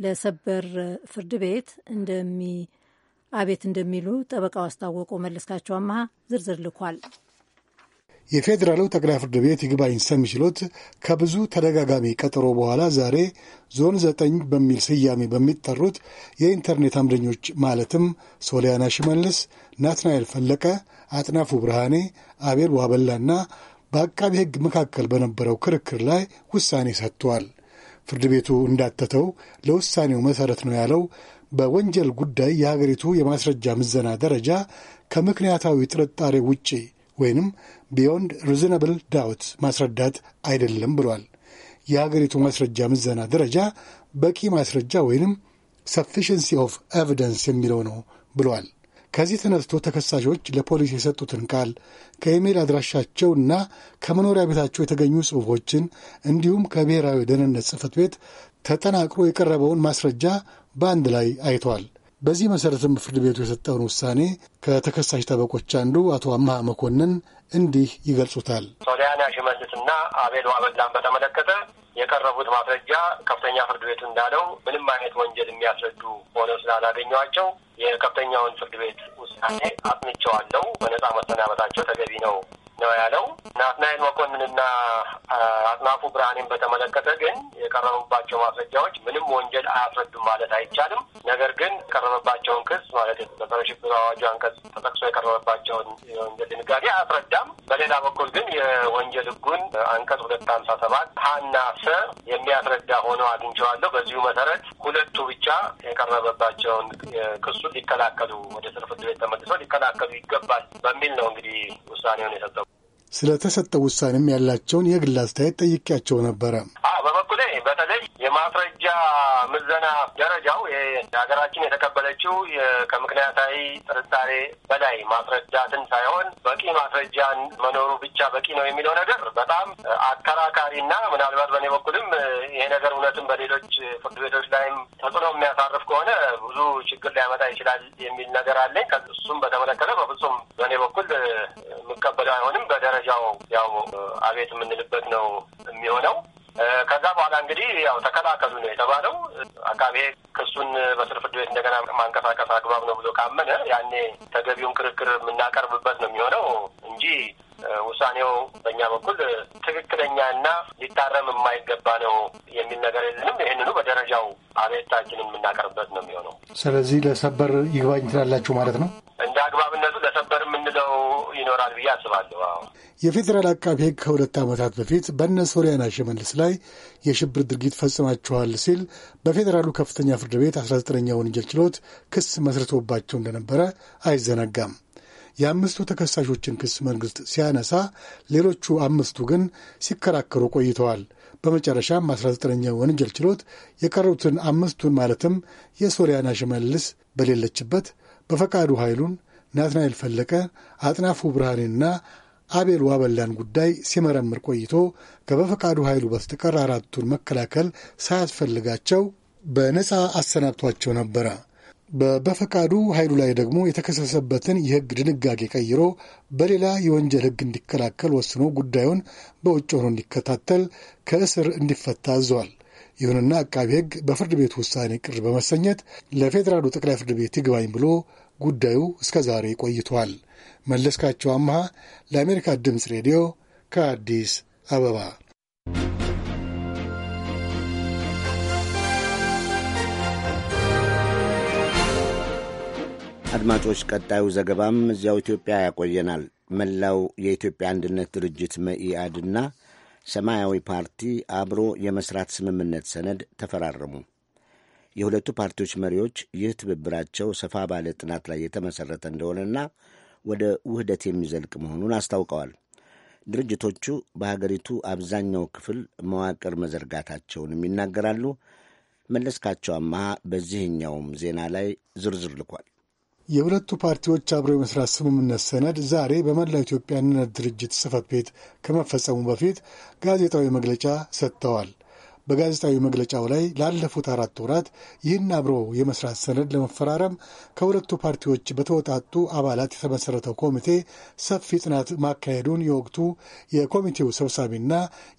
ለሰበር ፍርድ ቤት እንደሚ አቤት እንደሚሉ ጠበቃው አስታወቁ። መለስካቸው አመሀ ዝርዝር ልኳል። የፌዴራሉ ጠቅላይ ፍርድ ቤት ይግባኝ ሰሚ ችሎት ከብዙ ተደጋጋሚ ቀጠሮ በኋላ ዛሬ ዞን ዘጠኝ በሚል ስያሜ በሚጠሩት የኢንተርኔት አምደኞች ማለትም ሶሊያና ሽመልስ፣ ናትናኤል ፈለቀ፣ አጥናፉ ብርሃኔ፣ አቤል ዋበላና በአቃቢ ሕግ መካከል በነበረው ክርክር ላይ ውሳኔ ሰጥቷል። ፍርድ ቤቱ እንዳተተው ለውሳኔው መሠረት ነው ያለው በወንጀል ጉዳይ የሀገሪቱ የማስረጃ ምዘና ደረጃ ከምክንያታዊ ጥርጣሬ ውጪ ወይንም ቢዮንድ ሪዝናብል ዳውት ማስረዳት አይደለም ብሏል። የሀገሪቱ ማስረጃ ምዘና ደረጃ በቂ ማስረጃ ወይንም ሰፊሽንሲ ኦፍ ኤቪደንስ የሚለው ነው ብሏል። ከዚህ ተነስቶ ተከሳሾች ለፖሊስ የሰጡትን ቃል ከኢሜይል አድራሻቸውና ከመኖሪያ ቤታቸው የተገኙ ጽሑፎችን እንዲሁም ከብሔራዊ ደህንነት ጽፈት ቤት ተጠናቅሮ የቀረበውን ማስረጃ በአንድ ላይ አይተዋል። በዚህ መሠረትም ፍርድ ቤቱ የሰጠውን ውሳኔ ከተከሳሽ ጠበቆች አንዱ አቶ አማ መኮንን እንዲህ ይገልጹታል። ሶሊያና ሽመልስና አቤል ዋበላን በተመለከተ የቀረቡት ማስረጃ ከፍተኛ ፍርድ ቤቱ እንዳለው ምንም አይነት ወንጀል የሚያስረዱ ሆነው ስላላገኘዋቸው የከፍተኛውን ፍርድ ቤት ውሳኔ አጥንቸዋለሁ፣ በነጻ መሰናበታቸው ተገቢ ነው ነው ያለው። ናትናኤል መኮንንና አጥናፉ ብርሃኔን በተመለከተ ግን የቀረቡባቸው ማስረጃዎች ምንም ወንጀል አያስረዱም ማለት አይቻልም። ነገር ግን የቀረበባቸውን ክስ ማለት በጸረ ሽብር አዋጁ አንቀጽ ተጠቅሶ የቀረበባቸውን የወንጀል ድንጋጌ አያስረዳም። በሌላ በኩል ግን የወንጀል ህጉን አንቀጽ ሁለት ሀምሳ ሰባት ሀና ሰ የሚያስረዳ ሆነው አግኝቸዋለሁ። በዚሁ መሰረት ሁለቱ ብቻ የቀረበባቸውን ክሱን ሊከላከሉ ወደ ስር ፍርድ ቤት ተመልሰው ሊከላከሉ ይገባል በሚል ነው እንግዲህ ውሳኔውን የሰጠው። ስለተሰጠው ውሳኔም ያላቸውን የግል አስተያየት ጠይቄያቸው ነበረ። በበኩሌ በተለይ የማስረጃ ምዘና ደረጃው የሀገራችን የተቀበለችው ከምክንያታዊ ጥርጣሬ በላይ ማስረጃትን ሳይሆን በቂ ማስረጃን መኖሩ ብቻ በቂ ነው የሚለው ነገር በጣም አከራካሪና ምናልባት በእኔ በኩልም ይሄ ነገር እውነትም በሌሎች ፍርድ ቤቶች ላይም ተጽዕኖ የሚያሳርፍ ከሆነ ብዙ ችግር ሊያመጣ ይችላል የሚል ነገር አለኝ። ከእሱም በተመለከተ በፍጹም በእኔ በኩል የምቀበለው አይሆንም። በደረጃ መረጃው ያው አቤት የምንልበት ነው የሚሆነው። ከዛ በኋላ እንግዲህ ያው ተከላከሉ ነው የተባለው። አቃቤ ክሱን በስር ፍርድ ቤት እንደገና ማንቀሳቀስ አግባብ ነው ብሎ ካመነ ያኔ ተገቢውን ክርክር የምናቀርብበት ነው የሚሆነው እንጂ ውሳኔው በእኛ በኩል ትክክለኛና ሊታረም የማይገባ ነው የሚል ነገር የለንም። ይህንኑ በደረጃው አቤታችንን የምናቀርብበት ነው የሚሆነው። ስለዚህ ለሰበር ይግባኝ ትላላችሁ ማለት ነው? እንደ አግባብነቱ ለሰበር የምንለው ይኖራል ብዬ አስባለሁ። የፌዴራል አቃቢ ሕግ ከሁለት ዓመታት በፊት በእነ ሶሊያና ሽመልስ ላይ የሽብር ድርጊት ፈጽማችኋል ሲል በፌዴራሉ ከፍተኛ ፍርድ ቤት አስራ ዘጠነኛ ወንጀል ችሎት ክስ መስርቶባቸው እንደነበረ አይዘነጋም። የአምስቱ ተከሳሾችን ክስ መንግሥት ሲያነሳ፣ ሌሎቹ አምስቱ ግን ሲከራከሩ ቆይተዋል። በመጨረሻም 19ኛ ወንጀል ችሎት የቀሩትን አምስቱን ማለትም የሶሊያና ሽመልስ በሌለችበት በፈቃዱ ኃይሉን ናትናኤል ፈለቀ፣ አጥናፉ ብርሃኔና አቤል ዋበላን ጉዳይ ሲመረምር ቆይቶ ከበፈቃዱ ኃይሉ በስተቀር አራቱን መከላከል ሳያስፈልጋቸው በነፃ አሰናብቷቸው ነበረ። በበፈቃዱ ኃይሉ ላይ ደግሞ የተከሰሰበትን የሕግ ድንጋጌ ቀይሮ በሌላ የወንጀል ሕግ እንዲከላከል ወስኖ ጉዳዩን በውጭ ሆኖ እንዲከታተል ከእስር እንዲፈታ አዟል። ይሁንና አቃቢ ሕግ በፍርድ ቤቱ ውሳኔ ቅር በመሰኘት ለፌዴራሉ ጠቅላይ ፍርድ ቤት ይግባኝ ብሎ ጉዳዩ እስከ ዛሬ ቆይቷል። መለስካቸው አምሃ ለአሜሪካ ድምፅ ሬዲዮ ከአዲስ አበባ አድማጮች፣ ቀጣዩ ዘገባም እዚያው ኢትዮጵያ ያቆየናል። መላው የኢትዮጵያ አንድነት ድርጅት መኢአድና ሰማያዊ ፓርቲ አብሮ የመስራት ስምምነት ሰነድ ተፈራረሙ። የሁለቱ ፓርቲዎች መሪዎች ይህ ትብብራቸው ሰፋ ባለ ጥናት ላይ የተመሠረተ እንደሆነና ወደ ውህደት የሚዘልቅ መሆኑን አስታውቀዋል። ድርጅቶቹ በሀገሪቱ አብዛኛው ክፍል መዋቅር መዘርጋታቸውንም ይናገራሉ። መለስካቸው አመሃ በዚህኛውም ዜና ላይ ዝርዝር ልኳል። የሁለቱ ፓርቲዎች አብሮ የመስራት ስምምነት ሰነድ ዛሬ በመላው ኢትዮጵያ አንድነት ድርጅት ጽህፈት ቤት ከመፈጸሙ በፊት ጋዜጣዊ መግለጫ ሰጥተዋል። በጋዜጣዊ መግለጫው ላይ ላለፉት አራት ወራት ይህን አብሮ የመስራት ሰነድ ለመፈራረም ከሁለቱ ፓርቲዎች በተወጣጡ አባላት የተመሠረተው ኮሚቴ ሰፊ ጥናት ማካሄዱን የወቅቱ የኮሚቴው ሰብሳቢና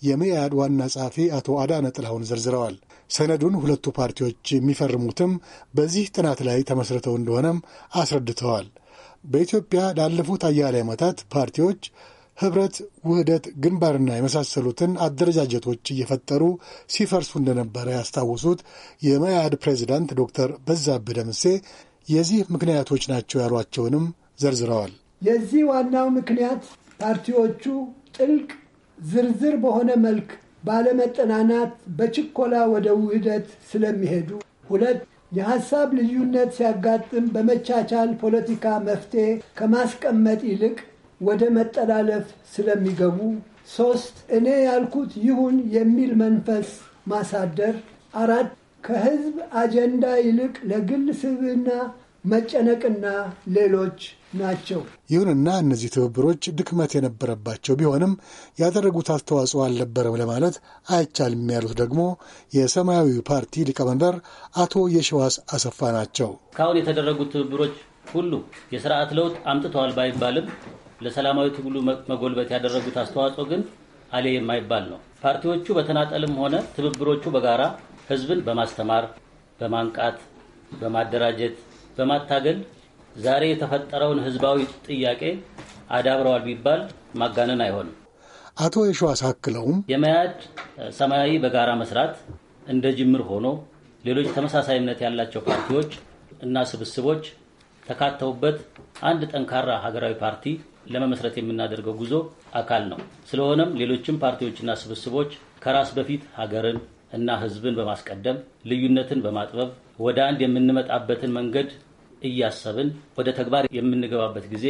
የመያድ ዋና ጸሐፊ አቶ አዳነ ጥላሁን ዘርዝረዋል። ሰነዱን ሁለቱ ፓርቲዎች የሚፈርሙትም በዚህ ጥናት ላይ ተመስርተው እንደሆነም አስረድተዋል። በኢትዮጵያ ላለፉት አያሌ ዓመታት ፓርቲዎች ህብረት፣ ውህደት፣ ግንባርና የመሳሰሉትን አደረጃጀቶች እየፈጠሩ ሲፈርሱ እንደነበረ ያስታወሱት የመያድ ፕሬዚዳንት ዶክተር በዛብህ ደምሴ የዚህ ምክንያቶች ናቸው ያሏቸውንም ዘርዝረዋል። የዚህ ዋናው ምክንያት ፓርቲዎቹ ጥልቅ ዝርዝር በሆነ መልክ ባለመጠናናት በችኮላ ወደ ውህደት ስለሚሄዱ፣ ሁለት የሀሳብ ልዩነት ሲያጋጥም በመቻቻል ፖለቲካ መፍትሄ ከማስቀመጥ ይልቅ ወደ መጠላለፍ ስለሚገቡ፣ ሶስት እኔ ያልኩት ይሁን የሚል መንፈስ ማሳደር፣ አራት ከህዝብ አጀንዳ ይልቅ ለግል ስብዕና መጨነቅና ሌሎች ናቸው። ይሁንና እነዚህ ትብብሮች ድክመት የነበረባቸው ቢሆንም ያደረጉት አስተዋጽኦ አልነበረም ለማለት አይቻልም ያሉት ደግሞ የሰማያዊ ፓርቲ ሊቀመንበር አቶ የሸዋስ አሰፋ ናቸው። እስካሁን የተደረጉት ትብብሮች ሁሉ የስርዓት ለውጥ አምጥተዋል ባይባልም ለሰላማዊ ትግሉ መጎልበት ያደረጉት አስተዋጽኦ ግን አሌ የማይባል ነው። ፓርቲዎቹ በተናጠልም ሆነ ትብብሮቹ በጋራ ህዝብን በማስተማር በማንቃት፣ በማደራጀት፣ በማታገል ዛሬ የተፈጠረውን ህዝባዊ ጥያቄ አዳብረዋል ቢባል ማጋነን አይሆንም። አቶ የሸዋስ አክለውም የመያድ ሰማያዊ በጋራ መስራት እንደ ጅምር ሆኖ ሌሎች ተመሳሳይነት ያላቸው ፓርቲዎች እና ስብስቦች ተካተውበት አንድ ጠንካራ ሀገራዊ ፓርቲ ለመመስረት የምናደርገው ጉዞ አካል ነው። ስለሆነም ሌሎችም ፓርቲዎችና ስብስቦች ከራስ በፊት ሀገርን እና ሕዝብን በማስቀደም ልዩነትን በማጥበብ ወደ አንድ የምንመጣበትን መንገድ እያሰብን ወደ ተግባር የምንገባበት ጊዜ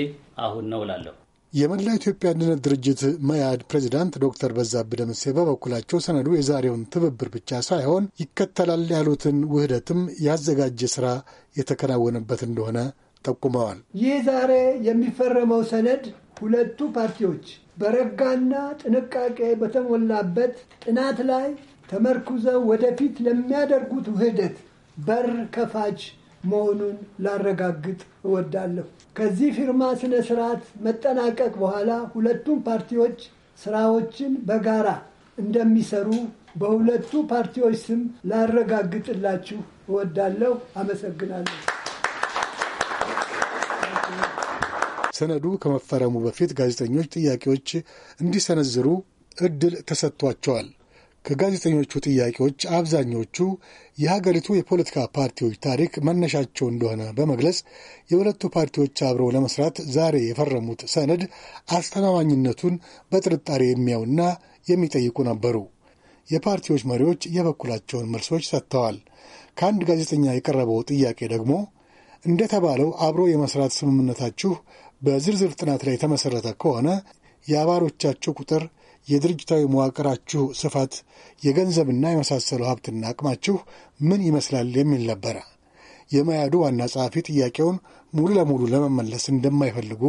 አሁን ነው እላለሁ። የመላ ኢትዮጵያ አንድነት ድርጅት መያድ ፕሬዚዳንት ዶክተር በዛብህ ደምሴ በበኩላቸው ሰነዱ የዛሬውን ትብብር ብቻ ሳይሆን ይከተላል ያሉትን ውህደትም ያዘጋጀ ስራ የተከናወነበት እንደሆነ ጠቁመዋል። ይህ ዛሬ የሚፈረመው ሰነድ ሁለቱ ፓርቲዎች በረጋና ጥንቃቄ በተሞላበት ጥናት ላይ ተመርኩዘው ወደፊት ለሚያደርጉት ውህደት በር ከፋች መሆኑን ላረጋግጥ እወዳለሁ። ከዚህ ፊርማ ስነ ስርዓት መጠናቀቅ በኋላ ሁለቱም ፓርቲዎች ስራዎችን በጋራ እንደሚሰሩ በሁለቱ ፓርቲዎች ስም ላረጋግጥላችሁ እወዳለሁ። አመሰግናለሁ። ሰነዱ ከመፈረሙ በፊት ጋዜጠኞች ጥያቄዎች እንዲሰነዝሩ እድል ተሰጥቷቸዋል። ከጋዜጠኞቹ ጥያቄዎች አብዛኞቹ የሀገሪቱ የፖለቲካ ፓርቲዎች ታሪክ መነሻቸው እንደሆነ በመግለጽ የሁለቱ ፓርቲዎች አብረው ለመስራት ዛሬ የፈረሙት ሰነድ አስተማማኝነቱን በጥርጣሬ የሚያዩና የሚጠይቁ ነበሩ። የፓርቲዎች መሪዎች የበኩላቸውን መልሶች ሰጥተዋል። ከአንድ ጋዜጠኛ የቀረበው ጥያቄ ደግሞ እንደተባለው አብሮ የመስራት ስምምነታችሁ በዝርዝር ጥናት ላይ የተመሠረተ ከሆነ የአባሎቻቸው ቁጥር፣ የድርጅታዊ መዋቅራችሁ ስፋት፣ የገንዘብና የመሳሰሉ ሀብትና አቅማችሁ ምን ይመስላል የሚል ነበረ። የመያዱ ዋና ጸሐፊ ጥያቄውን ሙሉ ለሙሉ ለመመለስ እንደማይፈልጉ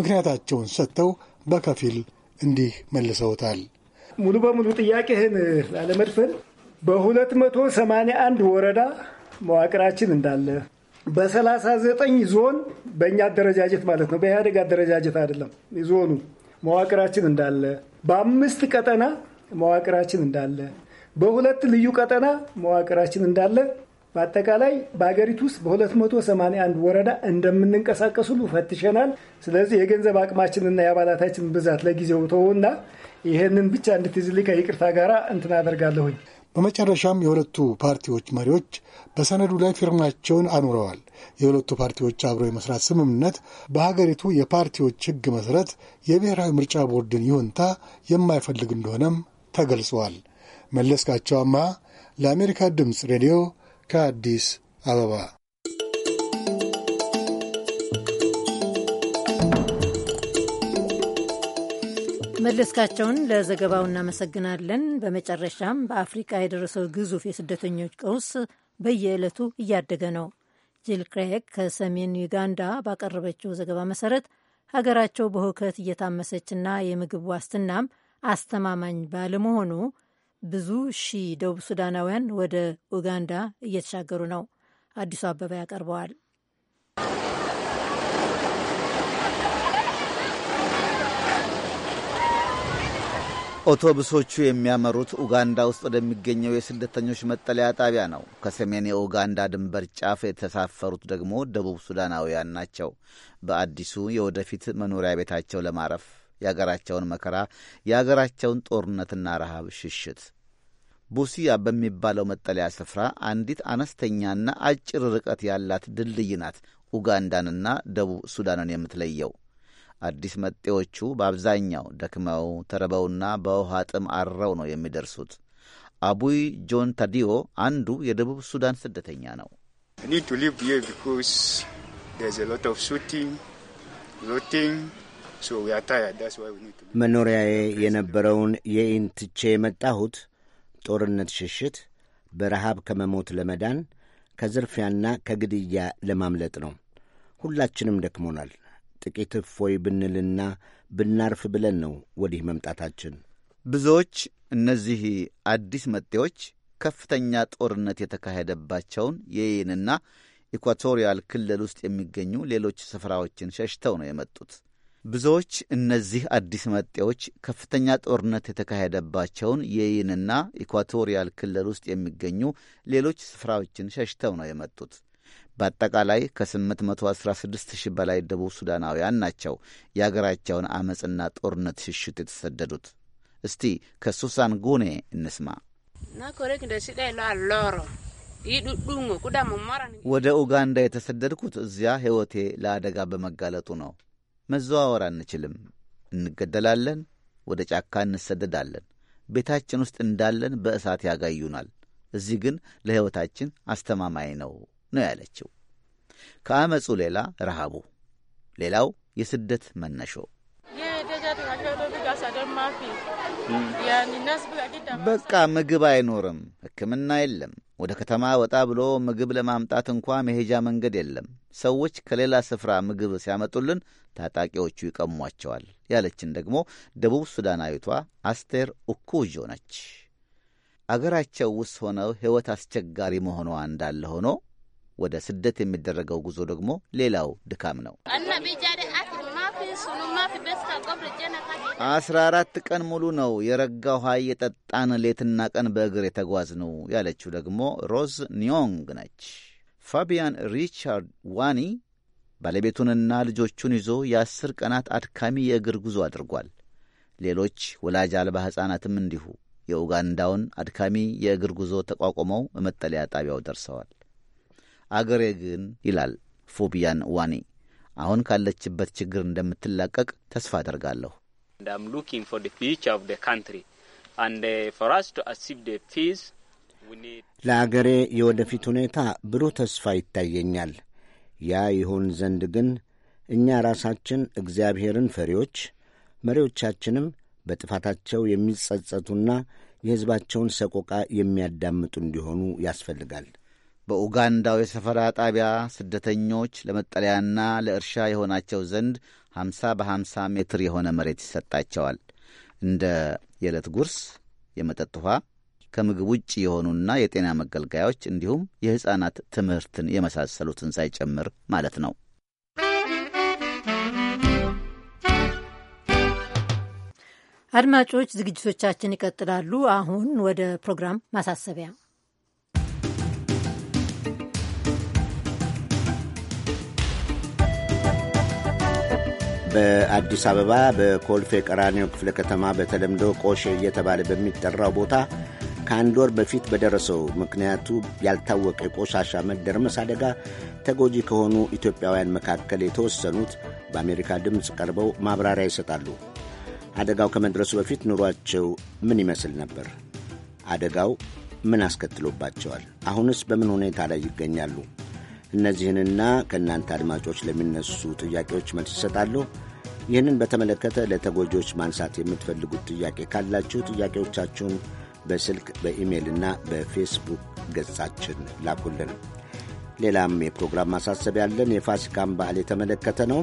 ምክንያታቸውን ሰጥተው በከፊል እንዲህ መልሰውታል። ሙሉ በሙሉ ጥያቄህን ላለመድፈን በ281 ወረዳ መዋቅራችን እንዳለ በ39 ዞን በእኛ አደረጃጀት ማለት ነው፣ በኢህአዴግ አደረጃጀት አይደለም። ዞኑ መዋቅራችን እንዳለ፣ በአምስት ቀጠና መዋቅራችን እንዳለ፣ በሁለት ልዩ ቀጠና መዋቅራችን እንዳለ በአጠቃላይ በሀገሪቱ ውስጥ በ281 ወረዳ እንደምንንቀሳቀስ ሁሉ ፈትሸናል። ስለዚህ የገንዘብ አቅማችንና የአባላታችን ብዛት ለጊዜው ተውና ይህንን ብቻ እንድትዝልከ ይቅርታ ጋራ እንትን አደርጋለሁኝ። በመጨረሻም የሁለቱ ፓርቲዎች መሪዎች በሰነዱ ላይ ፊርማቸውን አኑረዋል። የሁለቱ ፓርቲዎች አብሮ የመስራት ስምምነት በሀገሪቱ የፓርቲዎች ሕግ መሠረት የብሔራዊ ምርጫ ቦርድን ይሁንታ የማይፈልግ እንደሆነም ተገልጿል። መለስካቸው አምሃ ለአሜሪካ ድምፅ ሬዲዮ ከአዲስ አበባ መለስካቸውን ለዘገባው እናመሰግናለን። በመጨረሻም በአፍሪቃ የደረሰው ግዙፍ የስደተኞች ቀውስ በየዕለቱ እያደገ ነው። ጂል ክሬግ ከሰሜን ዩጋንዳ ባቀረበችው ዘገባ መሰረት ሀገራቸው በሁከት እየታመሰችና የምግብ ዋስትናም አስተማማኝ ባለመሆኑ ብዙ ሺህ ደቡብ ሱዳናውያን ወደ ኡጋንዳ እየተሻገሩ ነው። አዲሱ አበባ ያቀርበዋል። አውቶቡሶቹ የሚያመሩት ኡጋንዳ ውስጥ ወደሚገኘው የስደተኞች መጠለያ ጣቢያ ነው። ከሰሜን የኡጋንዳ ድንበር ጫፍ የተሳፈሩት ደግሞ ደቡብ ሱዳናውያን ናቸው። በአዲሱ የወደፊት መኖሪያ ቤታቸው ለማረፍ የአገራቸውን መከራ፣ የአገራቸውን ጦርነትና ረሃብ ሽሽት ቡሲያ በሚባለው መጠለያ ስፍራ አንዲት አነስተኛና አጭር ርቀት ያላት ድልድይ ናት ኡጋንዳንና ደቡብ ሱዳንን የምትለየው። አዲስ መጤዎቹ በአብዛኛው ደክመው ተርበውና በውሃ ጥም አረው ነው የሚደርሱት። አቡይ ጆን ታዲዮ አንዱ የደቡብ ሱዳን ስደተኛ ነው። መኖሪያዬ የነበረውን የኢንትቼ የመጣሁት ጦርነት ሽሽት፣ በረሃብ ከመሞት ለመዳን ከዝርፊያና ከግድያ ለማምለጥ ነው። ሁላችንም ደክሞናል። ጥቂት እፎይ ብንልና ብናርፍ ብለን ነው ወዲህ መምጣታችን። ብዙዎች እነዚህ አዲስ መጤዎች ከፍተኛ ጦርነት የተካሄደባቸውን የየንና ኢኳቶሪያል ክልል ውስጥ የሚገኙ ሌሎች ስፍራዎችን ሸሽተው ነው የመጡት። ብዙዎች እነዚህ አዲስ መጤዎች ከፍተኛ ጦርነት የተካሄደባቸውን የይንና ኢኳቶሪያል ክልል ውስጥ የሚገኙ ሌሎች ስፍራዎችን ሸሽተው ነው የመጡት። በአጠቃላይ ከ816 ሺህ በላይ ደቡብ ሱዳናውያን ናቸው የአገራቸውን አመፅና ጦርነት ሽሽት የተሰደዱት። እስቲ ከሱሳን ጉኔ እንስማ። ወደ ኡጋንዳ የተሰደድኩት እዚያ ሕይወቴ ለአደጋ በመጋለጡ ነው። መዘዋወር አንችልም። እንገደላለን። ወደ ጫካ እንሰደዳለን። ቤታችን ውስጥ እንዳለን በእሳት ያጋዩናል። እዚህ ግን ለሕይወታችን አስተማማኝ ነው ነው ያለችው። ከአመፁ ሌላ ረሃቡ ሌላው የስደት መነሾ በቃ ምግብ አይኖርም፣ ሕክምና የለም። ወደ ከተማ ወጣ ብሎ ምግብ ለማምጣት እንኳ መሄጃ መንገድ የለም። ሰዎች ከሌላ ስፍራ ምግብ ሲያመጡልን ታጣቂዎቹ ይቀሟቸዋል። ያለችን ደግሞ ደቡብ ሱዳናዊቷ አስቴር ኡኩጆ ነች። አገራቸው ውስጥ ሆነው ሕይወት አስቸጋሪ መሆኗ እንዳለ ሆኖ ወደ ስደት የሚደረገው ጉዞ ደግሞ ሌላው ድካም ነው። አስራ አራት ቀን ሙሉ ነው የረጋ ውሃ እየጠጣን ሌትና ቀን በእግር የተጓዝ ነው። ያለችው ደግሞ ሮዝ ኒዮንግ ነች። ፋቢያን ሪቻርድ ዋኒ ባለቤቱንና ልጆቹን ይዞ የአስር ቀናት አድካሚ የእግር ጉዞ አድርጓል። ሌሎች ወላጅ አልባ ሕፃናትም እንዲሁ የኡጋንዳውን አድካሚ የእግር ጉዞ ተቋቁመው መጠለያ ጣቢያው ደርሰዋል። አገሬ ግን ይላል ፎቢያን ዋኒ አሁን ካለችበት ችግር እንደምትላቀቅ ተስፋ አደርጋለሁ። uh, ለአገሬ የወደፊት ሁኔታ ብሩህ ተስፋ ይታየኛል። ያ ይሁን ዘንድ ግን እኛ ራሳችን እግዚአብሔርን ፈሪዎች፣ መሪዎቻችንም በጥፋታቸው የሚጸጸቱና የሕዝባቸውን ሰቆቃ የሚያዳምጡ እንዲሆኑ ያስፈልጋል። በኡጋንዳው የሰፈራ ጣቢያ ስደተኞች ለመጠለያና ለእርሻ የሆናቸው ዘንድ 50 በ50 ሜትር የሆነ መሬት ይሰጣቸዋል። እንደ የዕለት ጉርስ፣ የመጠጥ ውሃ፣ ከምግብ ውጭ የሆኑና የጤና መገልገያዎች እንዲሁም የሕፃናት ትምህርትን የመሳሰሉትን ሳይጨምር ማለት ነው። አድማጮች፣ ዝግጅቶቻችን ይቀጥላሉ። አሁን ወደ ፕሮግራም ማሳሰቢያ በአዲስ አበባ በኮልፌ ቀራኒዮ ክፍለ ከተማ በተለምዶ ቆሼ እየተባለ በሚጠራው ቦታ ከአንድ ወር በፊት በደረሰው ምክንያቱ ያልታወቀ የቆሻሻ መደርመስ አደጋ ተጎጂ ከሆኑ ኢትዮጵያውያን መካከል የተወሰኑት በአሜሪካ ድምፅ ቀርበው ማብራሪያ ይሰጣሉ። አደጋው ከመድረሱ በፊት ኑሯቸው ምን ይመስል ነበር? አደጋው ምን አስከትሎባቸዋል? አሁንስ በምን ሁኔታ ላይ ይገኛሉ? እነዚህንና ከእናንተ አድማጮች ለሚነሱ ጥያቄዎች መልስ ይሰጣሉ። ይህንን በተመለከተ ለተጎጂዎች ማንሳት የምትፈልጉት ጥያቄ ካላችሁ ጥያቄዎቻችሁን በስልክ በኢሜይል እና በፌስቡክ ገጻችን ላኩልን። ሌላም የፕሮግራም ማሳሰብ ያለን የፋሲካን በዓል የተመለከተ ነው።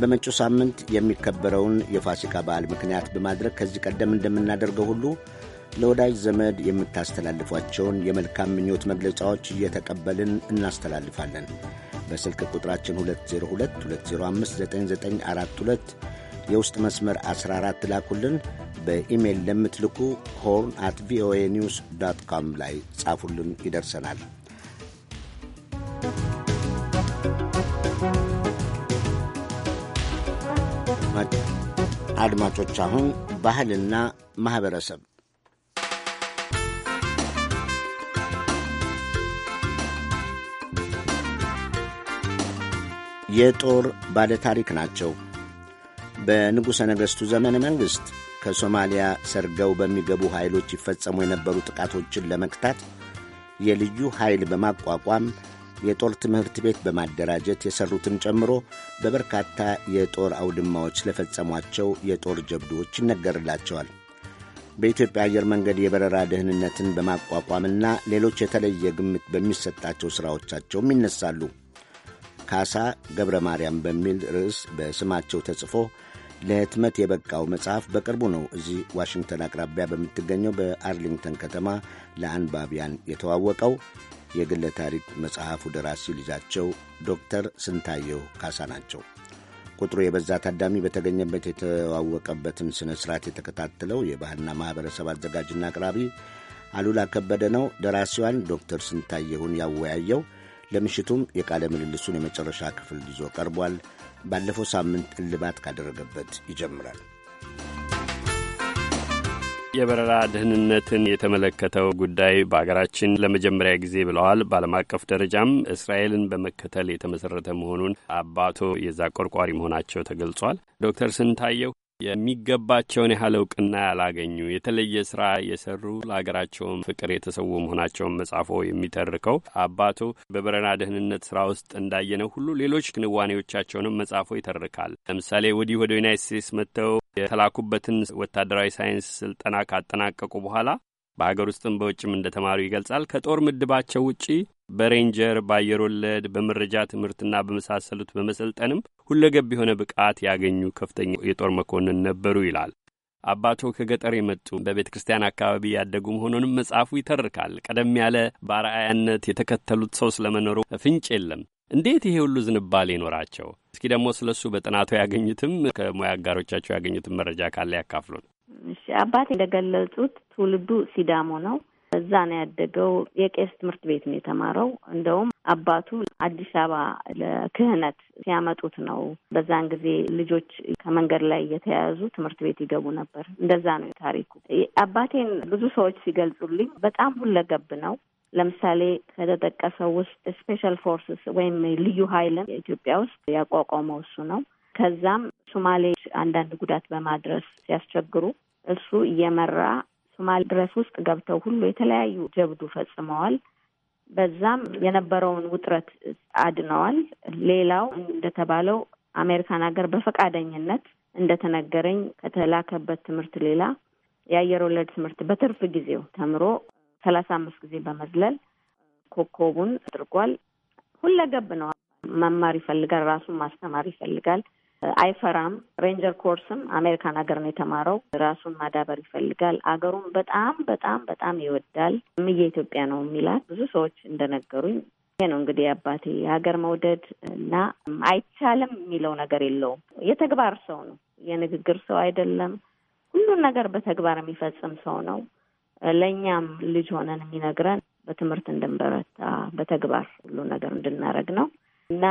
በመጪው ሳምንት የሚከበረውን የፋሲካ በዓል ምክንያት በማድረግ ከዚህ ቀደም እንደምናደርገው ሁሉ ለወዳጅ ዘመድ የምታስተላልፏቸውን የመልካም ምኞት መግለጫዎች እየተቀበልን እናስተላልፋለን። በስልክ ቁጥራችን 2022059942 የውስጥ መስመር 14 ላኩልን። በኢሜይል ለምትልኩ ሆርን አት ቪኦኤ ኒውስ ዳት ካም ላይ ጻፉልን፣ ይደርሰናል። አድማጮች አሁን ባህልና ማኅበረሰብ የጦር ባለታሪክ ናቸው። በንጉሠ ነገሥቱ ዘመነ መንግሥት ከሶማሊያ ሰርገው በሚገቡ ኃይሎች ይፈጸሙ የነበሩ ጥቃቶችን ለመግታት የልዩ ኃይል በማቋቋም የጦር ትምህርት ቤት በማደራጀት የሠሩትን ጨምሮ በበርካታ የጦር አውድማዎች ስለፈጸሟቸው የጦር ጀብዶዎች ይነገርላቸዋል። በኢትዮጵያ አየር መንገድ የበረራ ደህንነትን በማቋቋምና ሌሎች የተለየ ግምት በሚሰጣቸው ሥራዎቻቸውም ይነሳሉ። ካሳ ገብረ ማርያም በሚል ርዕስ በስማቸው ተጽፎ ለህትመት የበቃው መጽሐፍ በቅርቡ ነው እዚህ ዋሽንግተን አቅራቢያ በምትገኘው በአርሊንግተን ከተማ ለአንባቢያን የተዋወቀው። የግለ ታሪክ መጽሐፉ ደራሲ ልጃቸው ዶክተር ስንታየው ካሳ ናቸው። ቁጥሩ የበዛ ታዳሚ በተገኘበት የተዋወቀበትን ሥነ ሥርዓት የተከታተለው የባህልና ማኅበረሰብ አዘጋጅና አቅራቢ አሉላ ከበደ ነው። ደራሲዋን ዶክተር ስንታየሁን ያወያየው ለምሽቱም የቃለ ምልልሱን የመጨረሻ ክፍል ይዞ ቀርቧል። ባለፈው ሳምንት እልባት ካደረገበት ይጀምራል። የበረራ ደህንነትን የተመለከተው ጉዳይ በሀገራችን ለመጀመሪያ ጊዜ ብለዋል። በዓለም አቀፍ ደረጃም እስራኤልን በመከተል የተመሰረተ መሆኑን አባቶ የዛ ቆርቋሪ መሆናቸው ተገልጿል። ዶክተር ስንታየው የሚገባቸውን ያህል እውቅና ያላገኙ የተለየ ስራ የሰሩ ለሀገራቸውን ፍቅር የተሰዉ መሆናቸውን መጻፎ የሚተርከው አባቶ በበረና ደህንነት ስራ ውስጥ እንዳየነው ሁሉ ሌሎች ክንዋኔዎቻቸውንም መጻፎ ይተርካል። ለምሳሌ ወዲህ ወደ ዩናይት ስቴትስ መጥተው የተላኩበትን ወታደራዊ ሳይንስ ስልጠና ካጠናቀቁ በኋላ በሀገር ውስጥም በውጭም እንደተማሩ ይገልጻል። ከጦር ምድባቸው ውጪ በሬንጀር በአየር ወለድ በመረጃ ትምህርትና በመሳሰሉት በመሰልጠንም ሁለገብ የሆነ ብቃት ያገኙ ከፍተኛ የጦር መኮንን ነበሩ ይላል። አባቶ ከገጠር የመጡ በቤተ ክርስቲያን አካባቢ ያደጉ መሆኑንም መጽሐፉ ይተርካል። ቀደም ያለ ባርአያነት የተከተሉት ሰው ስለመኖሩ ፍንጭ የለም። እንዴት ይሄ ሁሉ ዝንባሌ ይኖራቸው? እስኪ ደግሞ ስለ እሱ በጥናቱ ያገኙትም ከሙያ አጋሮቻቸው ያገኙትም መረጃ ካለ ያካፍሉን። እሺ አባቴ እንደገለጹት ትውልዱ ሲዳሞ ነው። እዛ ነው ያደገው። የቄስ ትምህርት ቤት ነው የተማረው። እንደውም አባቱ አዲስ አበባ ለክህነት ሲያመጡት ነው። በዛን ጊዜ ልጆች ከመንገድ ላይ እየተያያዙ ትምህርት ቤት ይገቡ ነበር። እንደዛ ነው ታሪኩ። አባቴን ብዙ ሰዎች ሲገልጹልኝ በጣም ሁለገብ ነው። ለምሳሌ ከተጠቀሰው ውስጥ ስፔሻል ፎርስስ ወይም ልዩ ኃይልን ኢትዮጵያ ውስጥ ያቋቋመው እሱ ነው። ከዛም ሱማሌ አንዳንድ ጉዳት በማድረስ ሲያስቸግሩ እሱ እየመራ ሶማል ድረስ ውስጥ ገብተው ሁሉ የተለያዩ ጀብዱ ፈጽመዋል። በዛም የነበረውን ውጥረት አድነዋል። ሌላው እንደተባለው አሜሪካን ሀገር በፈቃደኝነት እንደተነገረኝ ከተላከበት ትምህርት ሌላ የአየር ወለድ ትምህርት በትርፍ ጊዜው ተምሮ ሰላሳ አምስት ጊዜ በመዝለል ኮከቡን አድርጓል። ሁለገብ ነው። መማር ይፈልጋል፣ ራሱን ማስተማር ይፈልጋል። አይፈራም። ሬንጀር ኮርስም አሜሪካን ሀገር ነው የተማረው። ራሱን ማዳበር ይፈልጋል። አገሩን በጣም በጣም በጣም ይወዳል። እምዬ ኢትዮጵያ ነው የሚላት ብዙ ሰዎች እንደነገሩኝ። ይሄ ነው እንግዲህ አባቴ የሀገር መውደድ እና አይቻልም የሚለው ነገር የለውም። የተግባር ሰው ነው፣ የንግግር ሰው አይደለም። ሁሉን ነገር በተግባር የሚፈጽም ሰው ነው። ለእኛም ልጅ ሆነን የሚነግረን በትምህርት እንድንበረታ በተግባር ሁሉ ነገር እንድናደርግ ነው እና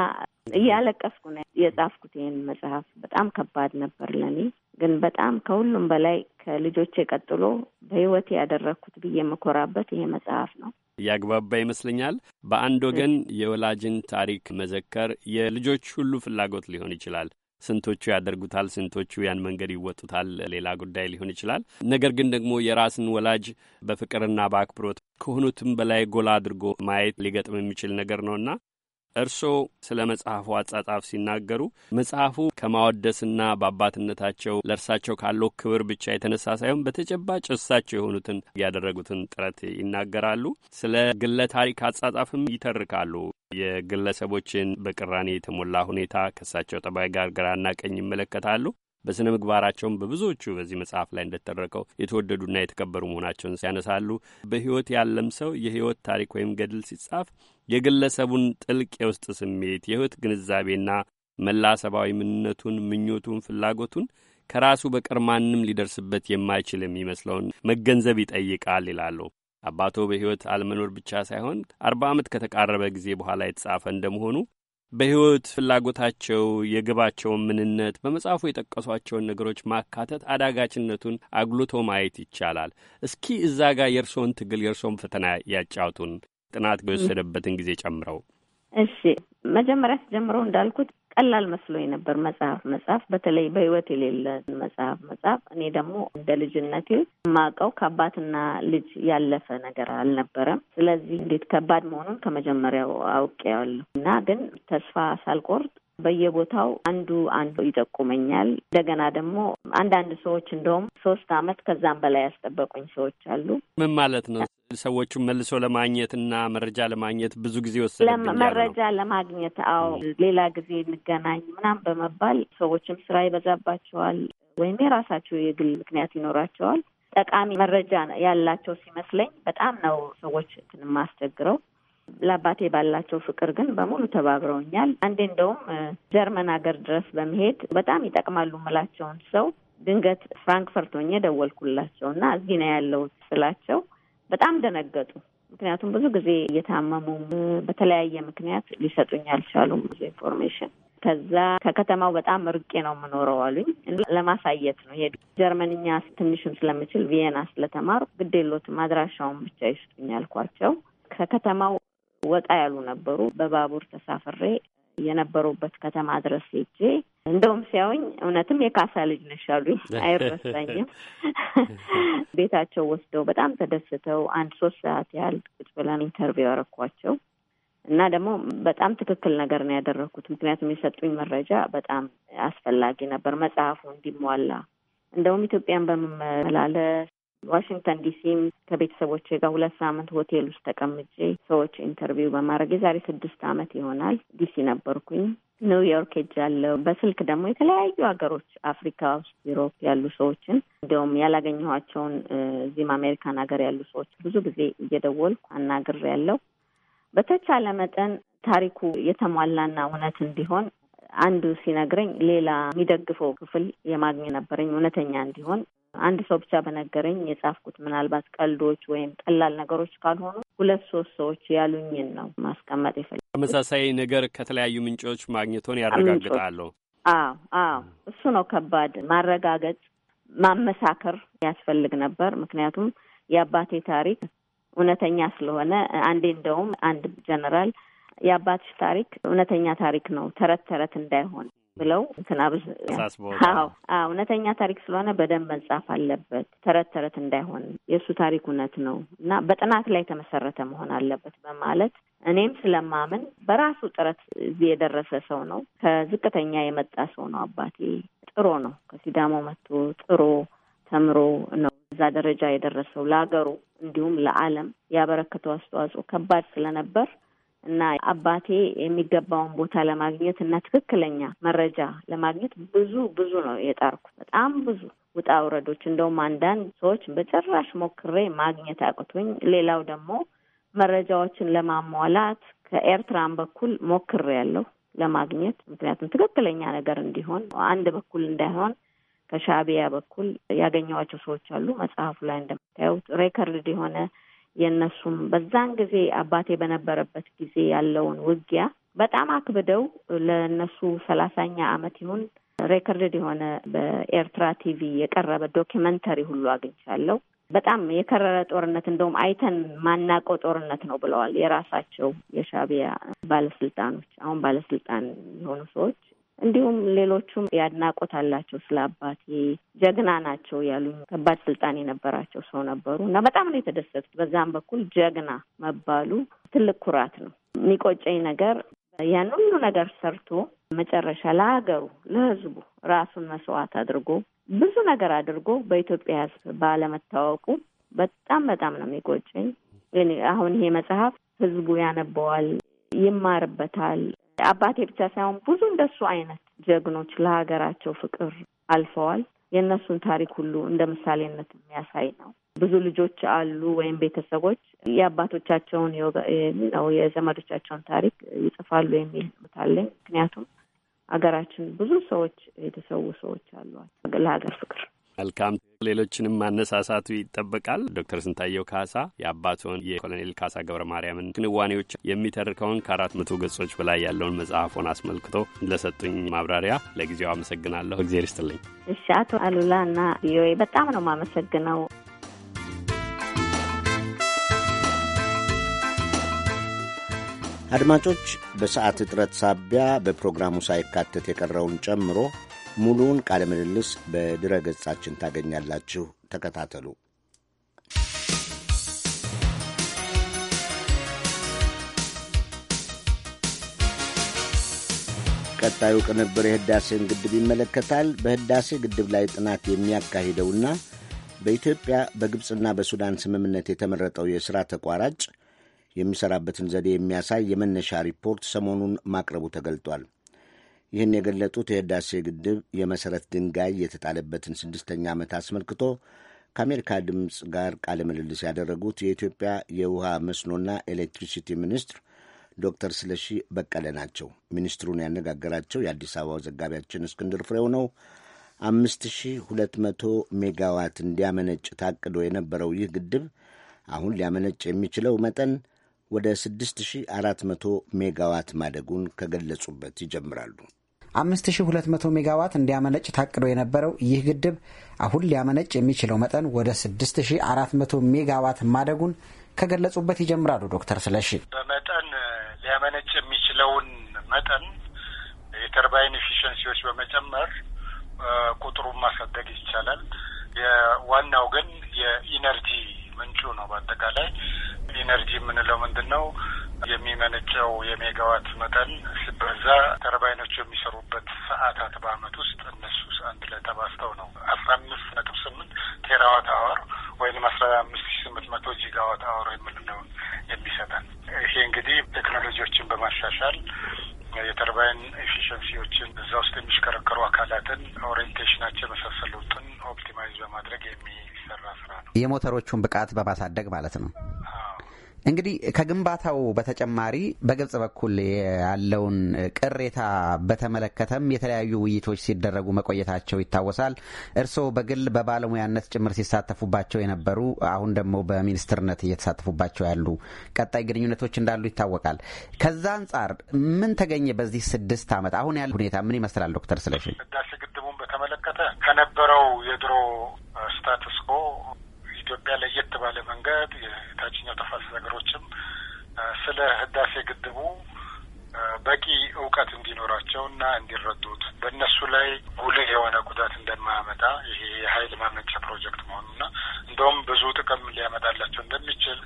እያለቀስኩ ነው የጻፍኩት ይህን መጽሐፍ። በጣም ከባድ ነበር ለኔ። ግን በጣም ከሁሉም በላይ ከልጆቼ ቀጥሎ በህይወት ያደረግኩት ብዬ የምኮራበት ይሄ መጽሐፍ ነው። ያግባባ ይመስለኛል። በአንድ ወገን የወላጅን ታሪክ መዘከር የልጆች ሁሉ ፍላጎት ሊሆን ይችላል። ስንቶቹ ያደርጉታል፣ ስንቶቹ ያን መንገድ ይወጡታል፣ ሌላ ጉዳይ ሊሆን ይችላል። ነገር ግን ደግሞ የራስን ወላጅ በፍቅርና በአክብሮት ከሆኑትም በላይ ጎላ አድርጎ ማየት ሊገጥም የሚችል ነገር ነውና እርስዎ ስለ መጽሐፉ አጻጻፍ ሲናገሩ መጽሐፉ ከማወደስና በአባትነታቸው ለእርሳቸው ካለው ክብር ብቻ የተነሳ ሳይሆን በተጨባጭ እርሳቸው የሆኑትን ያደረጉትን ጥረት ይናገራሉ። ስለ ግለ ታሪክ አጻጻፍም ይተርካሉ። የግለሰቦችን በቅራኔ የተሞላ ሁኔታ ከእሳቸው ጠባይ ጋር ግራና ቀኝ ይመለከታሉ። በሥነ ምግባራቸውም በብዙዎቹ በዚህ መጽሐፍ ላይ እንደተደረቀው የተወደዱና የተከበሩ መሆናቸውን ሲያነሳሉ በሕይወት ያለም ሰው የሕይወት ታሪክ ወይም ገድል ሲጻፍ የግለሰቡን ጥልቅ የውስጥ ስሜት የሕይወት ግንዛቤና መላ ሰብአዊ ምንነቱን፣ ምኞቱን፣ ፍላጎቱን ከራሱ በቀር ማንም ሊደርስበት የማይችል የሚመስለውን መገንዘብ ይጠይቃል ይላሉ። አባቶ በሕይወት አለመኖር ብቻ ሳይሆን አርባ ዓመት ከተቃረበ ጊዜ በኋላ የተጻፈ እንደመሆኑ በሕይወት ፍላጎታቸው የግባቸውን ምንነት በመጽሐፉ የጠቀሷቸውን ነገሮች ማካተት አዳጋችነቱን አጉልቶ ማየት ይቻላል። እስኪ እዛ ጋር የእርስዎን ትግል የእርስዎን ፈተና ያጫውቱን፣ ጥናት የወሰደበትን ጊዜ ጨምረው። እሺ መጀመሪያ ጀምሮ እንዳልኩት ቀላል መስሎኝ ነበር መጽሐፍ መጽሐፍ በተለይ በህይወት የሌለ መጽሐፍ መጽሐፍ እኔ ደግሞ እንደ ልጅነቴ የማውቀው ከአባትና ልጅ ያለፈ ነገር አልነበረም። ስለዚህ እንዴት ከባድ መሆኑን ከመጀመሪያው አውቄዋለሁ እና ግን ተስፋ ሳልቆርጥ በየቦታው አንዱ አንዱ ይጠቁመኛል። እንደገና ደግሞ አንዳንድ ሰዎች እንደውም ሶስት አመት ከዛም በላይ ያስጠበቁኝ ሰዎች አሉ። ምን ማለት ነው? ሰዎቹን መልሶ ለማግኘትና መረጃ ለማግኘት ብዙ ጊዜ ወሰደብኝ። መረጃ ለማግኘት አዎ፣ ሌላ ጊዜ እንገናኝ ምናም በመባል ሰዎችም ስራ ይበዛባቸዋል፣ ወይም የራሳቸው የግል ምክንያት ይኖራቸዋል። ጠቃሚ መረጃ ያላቸው ሲመስለኝ በጣም ነው ሰዎች እንትን የማስቸግረው። ለአባቴ ባላቸው ፍቅር ግን በሙሉ ተባብረውኛል። አንዴ እንደውም ጀርመን ሀገር ድረስ በመሄድ በጣም ይጠቅማሉ ምላቸውን ሰው ድንገት ፍራንክፈርት ሆኜ ደወልኩላቸው እና እዚህ ነው ያለው ስላቸው በጣም ደነገጡ። ምክንያቱም ብዙ ጊዜ እየታመሙም በተለያየ ምክንያት ሊሰጡኝ አልቻሉም ብዙ ኢንፎርሜሽን። ከዛ ከከተማው በጣም ርቄ ነው የምኖረው አሉኝ። ለማሳየት ነው ሄዱ። ጀርመንኛ ትንሹን ስለምችል ቪየና ስለተማሩ ግዴሎት አድራሻውን ብቻ ይስጡኝ አልኳቸው። ከከተማው ወጣ ያሉ ነበሩ። በባቡር ተሳፍሬ የነበሩበት ከተማ ድረስ ሄጄ እንደውም ሲያውኝ እውነትም የካሳ ልጅ ነሽ አሉኝ። አይረሳኝም። ቤታቸው ወስደው በጣም ተደስተው አንድ ሶስት ሰዓት ያህል ቁጭ ብለን ኢንተርቪው ያረኳቸው እና ደግሞ በጣም ትክክል ነገር ነው ያደረኩት። ምክንያቱም የሰጡኝ መረጃ በጣም አስፈላጊ ነበር መጽሐፉ እንዲሟላ። እንደውም ኢትዮጵያን በመመላለስ ዋሽንግተን ዲሲም ከቤተሰቦቼ ጋር ሁለት ሳምንት ሆቴል ውስጥ ተቀምጬ ሰዎች ኢንተርቪው በማድረግ የዛሬ ስድስት አመት ይሆናል ዲሲ ነበርኩኝ። ኒውዮርክ ሄጃለሁ። በስልክ ደግሞ የተለያዩ ሀገሮች አፍሪካ ውስጥ፣ ዩሮፕ ያሉ ሰዎችን እንዲሁም ያላገኘኋቸውን እዚህም አሜሪካን ሀገር ያሉ ሰዎች ብዙ ጊዜ እየደወልኩ ያለው በተቻለ መጠን ታሪኩ የተሟላና እውነት እንዲሆን አንዱ ሲነግረኝ ሌላ የሚደግፈው ክፍል የማግኘት ነበረኝ እውነተኛ እንዲሆን አንድ ሰው ብቻ በነገረኝ የጻፍኩት ምናልባት ቀልዶች ወይም ቀላል ነገሮች ካልሆኑ ሁለት ሶስት ሰዎች ያሉኝን ነው ማስቀመጥ የፈለ ተመሳሳይ ነገር ከተለያዩ ምንጮች ማግኘቶን ያረጋግጣለሁ። አዎ አዎ፣ እሱ ነው ከባድ ማረጋገጥ ማመሳከር ያስፈልግ ነበር። ምክንያቱም የአባቴ ታሪክ እውነተኛ ስለሆነ አንዴ እንደውም አንድ ጀነራል የአባትሽ ታሪክ እውነተኛ ታሪክ ነው፣ ተረት ተረት እንዳይሆን ብለው ትናብዝ እውነተኛ ታሪክ ስለሆነ በደንብ መጻፍ አለበት። ተረት ተረት እንዳይሆን የእሱ ታሪክ እውነት ነው እና በጥናት ላይ የተመሰረተ መሆን አለበት በማለት እኔም ስለማምን በራሱ ጥረት እዚህ የደረሰ ሰው ነው። ከዝቅተኛ የመጣ ሰው ነው አባቴ። ጥሮ ነው ከሲዳሞ መጥቶ ጥሮ ተምሮ ነው እዛ ደረጃ የደረሰው። ለሀገሩ እንዲሁም ለዓለም ያበረከተው አስተዋጽኦ ከባድ ስለነበር እና አባቴ የሚገባውን ቦታ ለማግኘት እና ትክክለኛ መረጃ ለማግኘት ብዙ ብዙ ነው የጣርኩ በጣም ብዙ ውጣ ውረዶች፣ እንደውም አንዳንድ ሰዎች በጭራሽ ሞክሬ ማግኘት አቅቶኝ፣ ሌላው ደግሞ መረጃዎችን ለማሟላት ከኤርትራን በኩል ሞክሬ ያለሁ ለማግኘት ምክንያቱም ትክክለኛ ነገር እንዲሆን አንድ በኩል እንዳይሆን ከሻቢያ በኩል ያገኘኋቸው ሰዎች አሉ። መጽሐፉ ላይ እንደምታዩት ሬከርድ የሆነ የእነሱም በዛን ጊዜ አባቴ በነበረበት ጊዜ ያለውን ውጊያ በጣም አክብደው ለእነሱ ሰላሳኛ አመት ይሁን ሬከርድድ የሆነ በኤርትራ ቲቪ የቀረበ ዶኪመንተሪ ሁሉ አግኝቻለሁ። በጣም የከረረ ጦርነት እንደውም አይተን ማናቀው ጦርነት ነው ብለዋል የራሳቸው የሻቢያ ባለስልጣኖች፣ አሁን ባለስልጣን የሆኑ ሰዎች እንዲሁም ሌሎቹም ያድናቆት አላቸው ስለ አባቴ ጀግና ናቸው ያሉ ከባድ ስልጣን የነበራቸው ሰው ነበሩ እና በጣም ነው የተደሰቱት። በዛም በኩል ጀግና መባሉ ትልቅ ኩራት ነው። የሚቆጨኝ ነገር ያን ሁሉ ነገር ሰርቶ መጨረሻ ለሀገሩ ለሕዝቡ ራሱን መስዋዕት አድርጎ ብዙ ነገር አድርጎ በኢትዮጵያ ሕዝብ ባለመታወቁ በጣም በጣም ነው የሚቆጨኝ። አሁን ይሄ መጽሐፍ ሕዝቡ ያነበዋል፣ ይማርበታል አባቴ ብቻ ሳይሆን ብዙ እንደሱ አይነት ጀግኖች ለሀገራቸው ፍቅር አልፈዋል። የእነሱን ታሪክ ሁሉ እንደ ምሳሌነት የሚያሳይ ነው። ብዙ ልጆች አሉ ወይም ቤተሰቦች የአባቶቻቸውን ነው የዘመዶቻቸውን ታሪክ ይጽፋሉ የሚል ምታለኝ ምክንያቱም ሀገራችን ብዙ ሰዎች የተሰዉ ሰዎች አሉ ለሀገር ፍቅር መልካም ሌሎችንም ማነሳሳቱ ይጠበቃል። ዶክተር ስንታየው ካሳ የአባቱን የኮሎኔል ካሳ ገብረ ማርያምን ክንዋኔዎች የሚተርከውን ከአራት መቶ ገጾች በላይ ያለውን መጽሐፎን አስመልክቶ ለሰጡኝ ማብራሪያ ለጊዜው አመሰግናለሁ። እግዜር ይስጥልኝ። እሺ አቶ አሉላ እና ቪኦኤ በጣም ነው የማመሰግነው። አድማጮች በሰዓት እጥረት ሳቢያ በፕሮግራሙ ሳይካተት የቀረውን ጨምሮ ሙሉውን ቃለ ምልልስ በድረ ገጻችን ታገኛላችሁ። ተከታተሉ። ቀጣዩ ቅንብር የህዳሴን ግድብ ይመለከታል። በህዳሴ ግድብ ላይ ጥናት የሚያካሂደውና በኢትዮጵያ በግብፅና በሱዳን ስምምነት የተመረጠው የሥራ ተቋራጭ የሚሠራበትን ዘዴ የሚያሳይ የመነሻ ሪፖርት ሰሞኑን ማቅረቡ ተገልጧል። ይህን የገለጡት የህዳሴ ግድብ የመሠረት ድንጋይ የተጣለበትን ስድስተኛ ዓመት አስመልክቶ ከአሜሪካ ድምፅ ጋር ቃለ ምልልስ ያደረጉት የኢትዮጵያ የውሃ መስኖና ኤሌክትሪሲቲ ሚኒስትር ዶክተር ስለሺ በቀለ ናቸው። ሚኒስትሩን ያነጋገራቸው የአዲስ አበባው ዘጋቢያችን እስክንድር ፍሬው ነው። አምስት ሺህ ሁለት መቶ ሜጋዋት እንዲያመነጭ ታቅዶ የነበረው ይህ ግድብ አሁን ሊያመነጭ የሚችለው መጠን ወደ 6400 ሜጋዋት ማደጉን ከገለጹበት ይጀምራሉ። 5200 ሜጋዋት እንዲያመነጭ ታቅዶ የነበረው ይህ ግድብ አሁን ሊያመነጭ የሚችለው መጠን ወደ 6400 ሜጋዋት ማደጉን ከገለጹበት ይጀምራሉ ዶክተር ስለሺ በመጠን ሊያመነጭ የሚችለውን መጠን የተርባይን ኤፊሽንሲዎች በመጨመር ቁጥሩን ማሳደግ ይቻላል። ዋናው ግን የኢነርጂ ምንጩ ነው። በአጠቃላይ ኢነርጂ የምንለው ምንድን ነው? የሚመነጨው የሜጋዋት መጠን ሲበዛ ተርባይኖች የሚሰሩበት ሰዓታት በአመት ውስጥ እነሱ አንድ ላይ ተባዝተው ነው አስራ አምስት ነጥብ ስምንት ቴራዋት አወር ወይም አስራ አምስት ሺ ስምንት መቶ ጂጋዋት አወር የምንለውን የሚሰጠን ይሄ እንግዲህ ቴክኖሎጂዎችን በማሻሻል የተርባይን ኤፊሽንሲዎችን እዛ ውስጥ የሚሽከረከሩ አካላትን ኦሪንቴሽናቸው የመሳሰሉትን ኦፕቲማይዝ በማድረግ የሚ የሚሰራ ስራ ነው። የሞተሮቹን ብቃት በማሳደግ ማለት ነው። እንግዲህ ከግንባታው በተጨማሪ በግብጽ በኩል ያለውን ቅሬታ በተመለከተም የተለያዩ ውይይቶች ሲደረጉ መቆየታቸው ይታወሳል። እርስዎ በግል በባለሙያነት ጭምር ሲሳተፉባቸው የነበሩ አሁን ደግሞ በሚኒስትርነት እየተሳተፉባቸው ያሉ ቀጣይ ግንኙነቶች እንዳሉ ይታወቃል። ከዛ አንጻር ምን ተገኘ? በዚህ ስድስት ዓመት አሁን ያለ ሁኔታ ምን ይመስላል? ዶክተር ስለሺ ህዳሴ ግድቡን በተመለከተ ከነበረው የድሮ ኮ ኢትዮጵያ ለየት ባለ መንገድ የታችኛው ተፋሰስ ሀገሮችም ስለ ህዳሴ ግድቡ በቂ እውቀት እንዲኖራቸው እና እንዲረዱት በእነሱ ላይ ጉልህ የሆነ ጉዳት እንደማያመጣ ይሄ የሀይል ማመንጫ ፕሮጀክት መሆኑና እንደውም ብዙ ጥቅም ሊያመጣላቸው እንደሚችል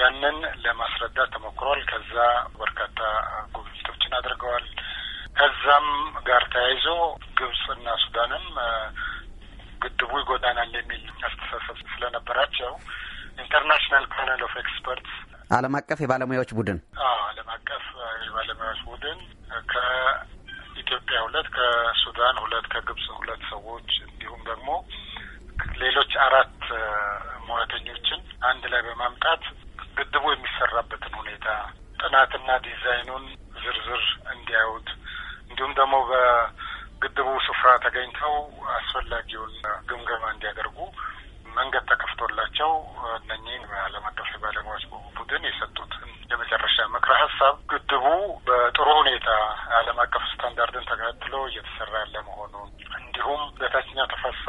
ያንን ለማስረዳት ተሞክሯል። ከዛ በርካታ ጉብኝቶችን አድርገዋል። ከዛም ጋር ተያይዞ ግብጽ እና ሱዳንም ግድቡ ይጎዳናል የሚል አስተሳሰብ ስለነበራቸው ኢንተርናሽናል ፓነል ኦፍ ኤክስፐርትስ ዓለም አቀፍ የባለሙያዎች ቡድን ዓለም አቀፍ የባለሙያዎች ቡድን ከኢትዮጵያ ሁለት ከሱዳን ሁለት ከግብጽ ሁለት ሰዎች እንዲሁም ደግሞ ሌሎች አራት ሙያተኞችን አንድ ላይ በማምጣት ግድቡ የሚሰራበትን ሁኔታ ጥናትና ዲዛይኑን ዝርዝር እንዲያዩት እንዲሁም ደግሞ በ ግድቡ ስፍራ ተገኝተው አስፈላጊውን ግምገማ እንዲያደርጉ መንገድ ተከፍቶላቸው እነኚህን ዓለም አቀፍ ባለሙያዎች ቡድን የሰጡትን የመጨረሻ ምክረ ሀሳብ ግድቡ በጥሩ ሁኔታ ዓለም አቀፍ ስታንዳርድን ተከትሎ እየተሰራ ያለ መሆኑን እንዲሁም በታችኛው ተፋሰስ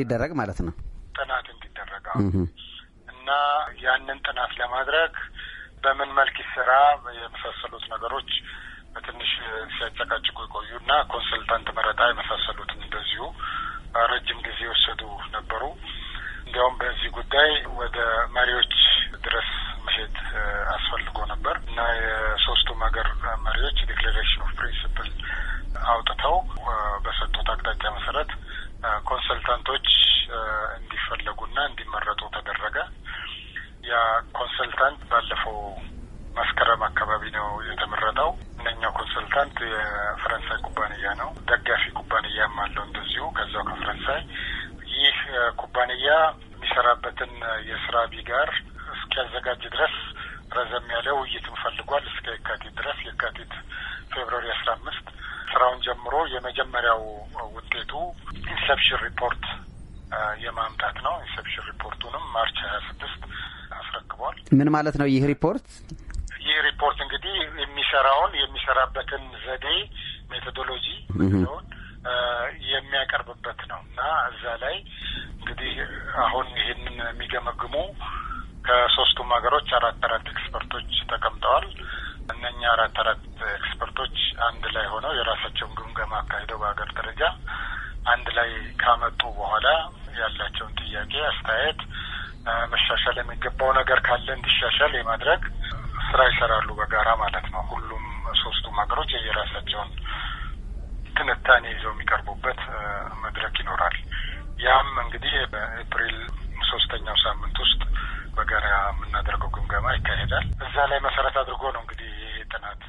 እንዲደረግ ማለት ነው ጥናት እንዲደረግ ምን ማለት ነው ይህ ሪፖርት? ይህ ሪፖርት እንግዲህ የሚሰራውን የሚሰራበትን ዘዴ ሜቶዶሎጂ የሚያቀርብበት ነው እና እዛ ላይ እንግዲህ አሁን ይህንን የሚገመግሙ ከሶስቱም ሀገሮች አራት አራት ኤክስፐርቶች ተቀምጠዋል። እነኛ አራት አራት ኤክስፐርቶች አንድ ላይ ሆነው የራሳቸውን ግምገማ አካሂደው በሀገር ደረጃ አንድ ላይ ካመጡ በኋላ ያላቸውን ጥያቄ አስተያየት መሻሻል የሚገባው ነገር ካለ እንዲሻሻል የማድረግ ስራ ይሰራሉ በጋራ ማለት ነው። ሁሉም ሶስቱም ሀገሮች የየራሳቸውን ትንታኔ ይዘው የሚቀርቡበት መድረክ ይኖራል። ያም እንግዲህ በኤፕሪል ሶስተኛው ሳምንት ውስጥ በጋራ የምናደርገው ግምገማ ይካሄዳል። እዛ ላይ መሰረት አድርጎ ነው እንግዲህ ይህ ጥናት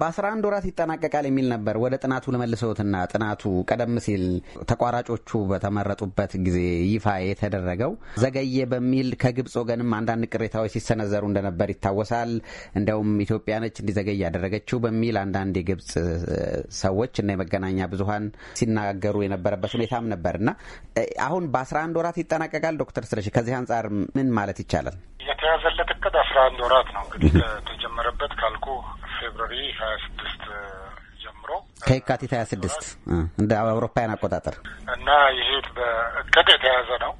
በ11 ወራት ይጠናቀቃል የሚል ነበር። ወደ ጥናቱ ለመልሰውትና ጥናቱ ቀደም ሲል ተቋራጮቹ በተመረጡበት ጊዜ ይፋ የተደረገው ዘገየ በሚል ከግብፅ ወገንም አንዳንድ ቅሬታዎች ሲሰነዘሩ እንደነበር ይታወሳል። እንደውም ኢትዮጵያ ነች እንዲዘገይ ያደረገችው በሚል አንዳንድ የግብፅ ሰዎች እና የመገናኛ ብዙኃን ሲናገሩ የነበረበት ሁኔታም ነበር እና አሁን በ11 ወራት ይጠናቀቃል። ዶክተር ስለሺ ከዚህ አንጻር ምን ማለት ይቻላል? የተያዘለት እቅድ አስራ አንድ ወራት ነው እንግዲህ ከተጀመረበት ካልኩ ፌብሩሪ ሀያ ስድስት ጀምሮ ከየካቲት ሀያ ስድስት እንደ አውሮፓውያን አቆጣጠር እና ይሄ በእቅድ የተያዘ ነው።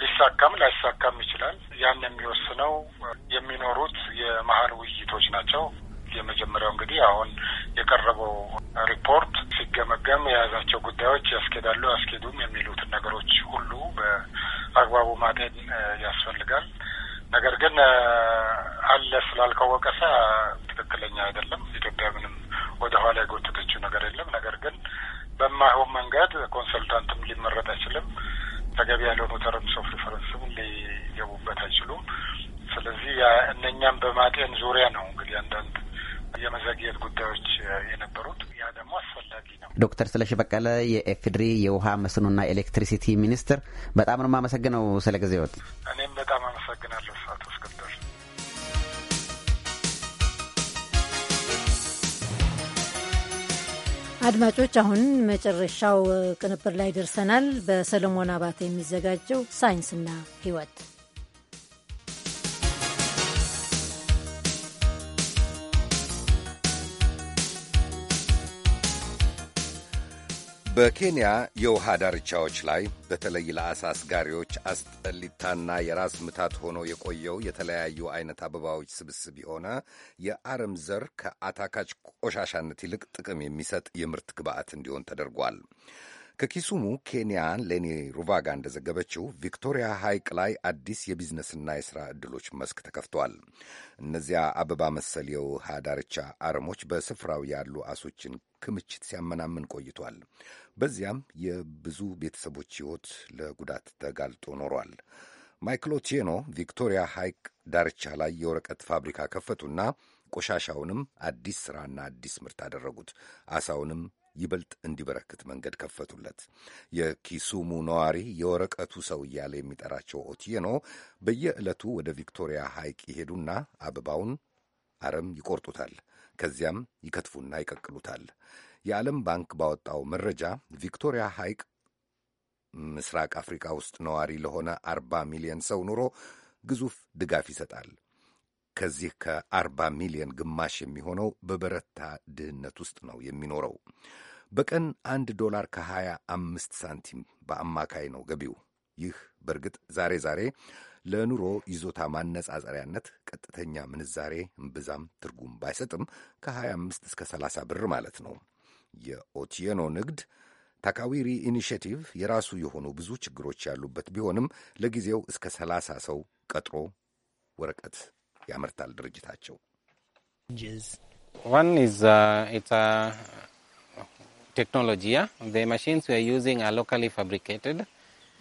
ሊሳካም ላይሳካም ይችላል። ያን የሚወስነው የሚኖሩት የመሀል ውይይቶች ናቸው። የመጀመሪያው እንግዲህ አሁን የቀረበው ሪፖርት ሲገመገም የያዛቸው ጉዳዮች ያስኬዳሉ ያስኬዱም የሚሉትን ነገሮች ሁሉ በአግባቡ ማጤን ያስፈልጋል። ነገር ግን አለ ስላልከው ወቀሳ ትክክለኛ አይደለም። ኢትዮጵያ ምንም ወደ ኋላ የጎተተችው ነገር የለም። ነገር ግን በማይሆን መንገድ ኮንሰልታንትም ሊመረጥ አይችልም። ተገቢ ያልሆኑ ተረምስ ኦፍ ሪፈረንስም ሊገቡበት አይችሉም። ስለዚህ እነኛም በማጤን ዙሪያ ነው እንግዲህ አንዳንድ የመዘግየት ጉዳዮች የነበሩት ያ ደግሞ አስፈላጊ ነው። ዶክተር ስለሺ በቀለ የኤፍድሪ የውሃ መስኖና ኤሌክትሪሲቲ ሚኒስትር፣ በጣም ነው የማመሰግነው ስለ ጊዜዎት። እኔም በጣም አድማጮች አሁን መጨረሻው ቅንብር ላይ ደርሰናል። በሰለሞን አባተ የሚዘጋጀው ሳይንስና ሕይወት በኬንያ የውሃ ዳርቻዎች ላይ በተለይ ለአሳ አስጋሪዎች አስጠሊታና የራስ ምታት ሆኖ የቆየው የተለያዩ አይነት አበባዎች ስብስብ የሆነ የአረም ዘር ከአታካች ቆሻሻነት ይልቅ ጥቅም የሚሰጥ የምርት ግብዓት እንዲሆን ተደርጓል። ከኪሱሙ ኬንያ ሌኒ ሩቫጋ እንደዘገበችው ቪክቶሪያ ሐይቅ ላይ አዲስ የቢዝነስና የሥራ ዕድሎች መስክ ተከፍቷል። እነዚያ አበባ መሰል የውሃ ዳርቻ አረሞች በስፍራው ያሉ አሶችን ክምችት ሲያመናምን ቆይቷል። በዚያም የብዙ ቤተሰቦች ሕይወት ለጉዳት ተጋልጦ ኖሯል። ማይክል ኦቲኖ ቪክቶሪያ ሐይቅ ዳርቻ ላይ የወረቀት ፋብሪካ ከፈቱና ቆሻሻውንም አዲስ ሥራና አዲስ ምርት አደረጉት። አሳውንም ይበልጥ እንዲበረክት መንገድ ከፈቱለት። የኪሱሙ ነዋሪ የወረቀቱ ሰው እያለ የሚጠራቸው ኦቲየኖ በየዕለቱ ወደ ቪክቶሪያ ሐይቅ ይሄዱና አበባውን አረም ይቆርጡታል። ከዚያም ይከትፉና ይቀቅሉታል። የዓለም ባንክ ባወጣው መረጃ ቪክቶሪያ ሐይቅ ምስራቅ አፍሪካ ውስጥ ነዋሪ ለሆነ አርባ ሚሊዮን ሰው ኑሮ ግዙፍ ድጋፍ ይሰጣል። ከዚህ ከአርባ ሚሊዮን ግማሽ የሚሆነው በበረታ ድህነት ውስጥ ነው የሚኖረው። በቀን አንድ ዶላር ከሀያ አምስት ሳንቲም በአማካይ ነው ገቢው። ይህ በእርግጥ ዛሬ ዛሬ ለኑሮ ይዞታ ማነጻጸሪያነት ቀጥተኛ ምንዛሬ እምብዛም ትርጉም ባይሰጥም ከ25 እስከ 30 ብር ማለት ነው። የኦቲየኖ ንግድ ታካዊሪ ኢኒሽቲቭ የራሱ የሆኑ ብዙ ችግሮች ያሉበት ቢሆንም ለጊዜው እስከ 30 ሰው ቀጥሮ ወረቀት ያመርታል ድርጅታቸው። uh,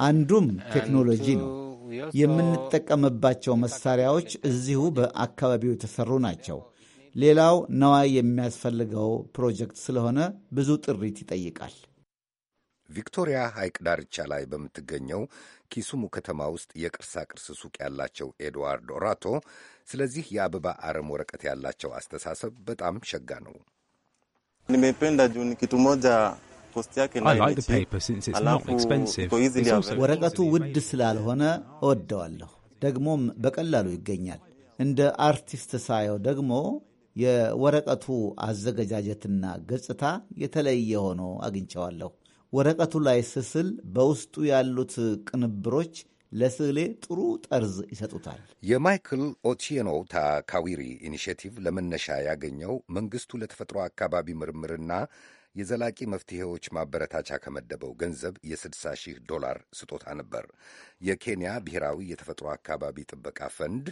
አንዱም ቴክኖሎጂ ነው። የምንጠቀምባቸው መሳሪያዎች እዚሁ በአካባቢው የተሰሩ ናቸው። ሌላው ነዋይ የሚያስፈልገው ፕሮጀክት ስለሆነ ብዙ ጥሪት ይጠይቃል። ቪክቶሪያ ሐይቅ ዳርቻ ላይ በምትገኘው ኪሱሙ ከተማ ውስጥ የቅርሳቅርስ ሱቅ ያላቸው ኤድዋርድ ኦራቶ ስለዚህ የአበባ አረም ወረቀት ያላቸው አስተሳሰብ በጣም ሸጋ ነው። ወረቀቱ ውድ ስላልሆነ እወደዋለሁ። ደግሞም በቀላሉ ይገኛል። እንደ አርቲስት ሳየው ደግሞ የወረቀቱ አዘገጃጀትና ገጽታ የተለየ ሆኖ አግኝቸዋለሁ። ወረቀቱ ላይ ስስል በውስጡ ያሉት ቅንብሮች ለስዕሌ ጥሩ ጠርዝ ይሰጡታል። የማይክል ኦቲኖ ታካዊሪ ኢኒሽቲቭ ለመነሻ ያገኘው መንግስቱ ለተፈጥሮ አካባቢ ምርምርና የዘላቂ መፍትሄዎች ማበረታቻ ከመደበው ገንዘብ የ60 ሺህ ዶላር ስጦታ ነበር። የኬንያ ብሔራዊ የተፈጥሮ አካባቢ ጥበቃ ፈንድ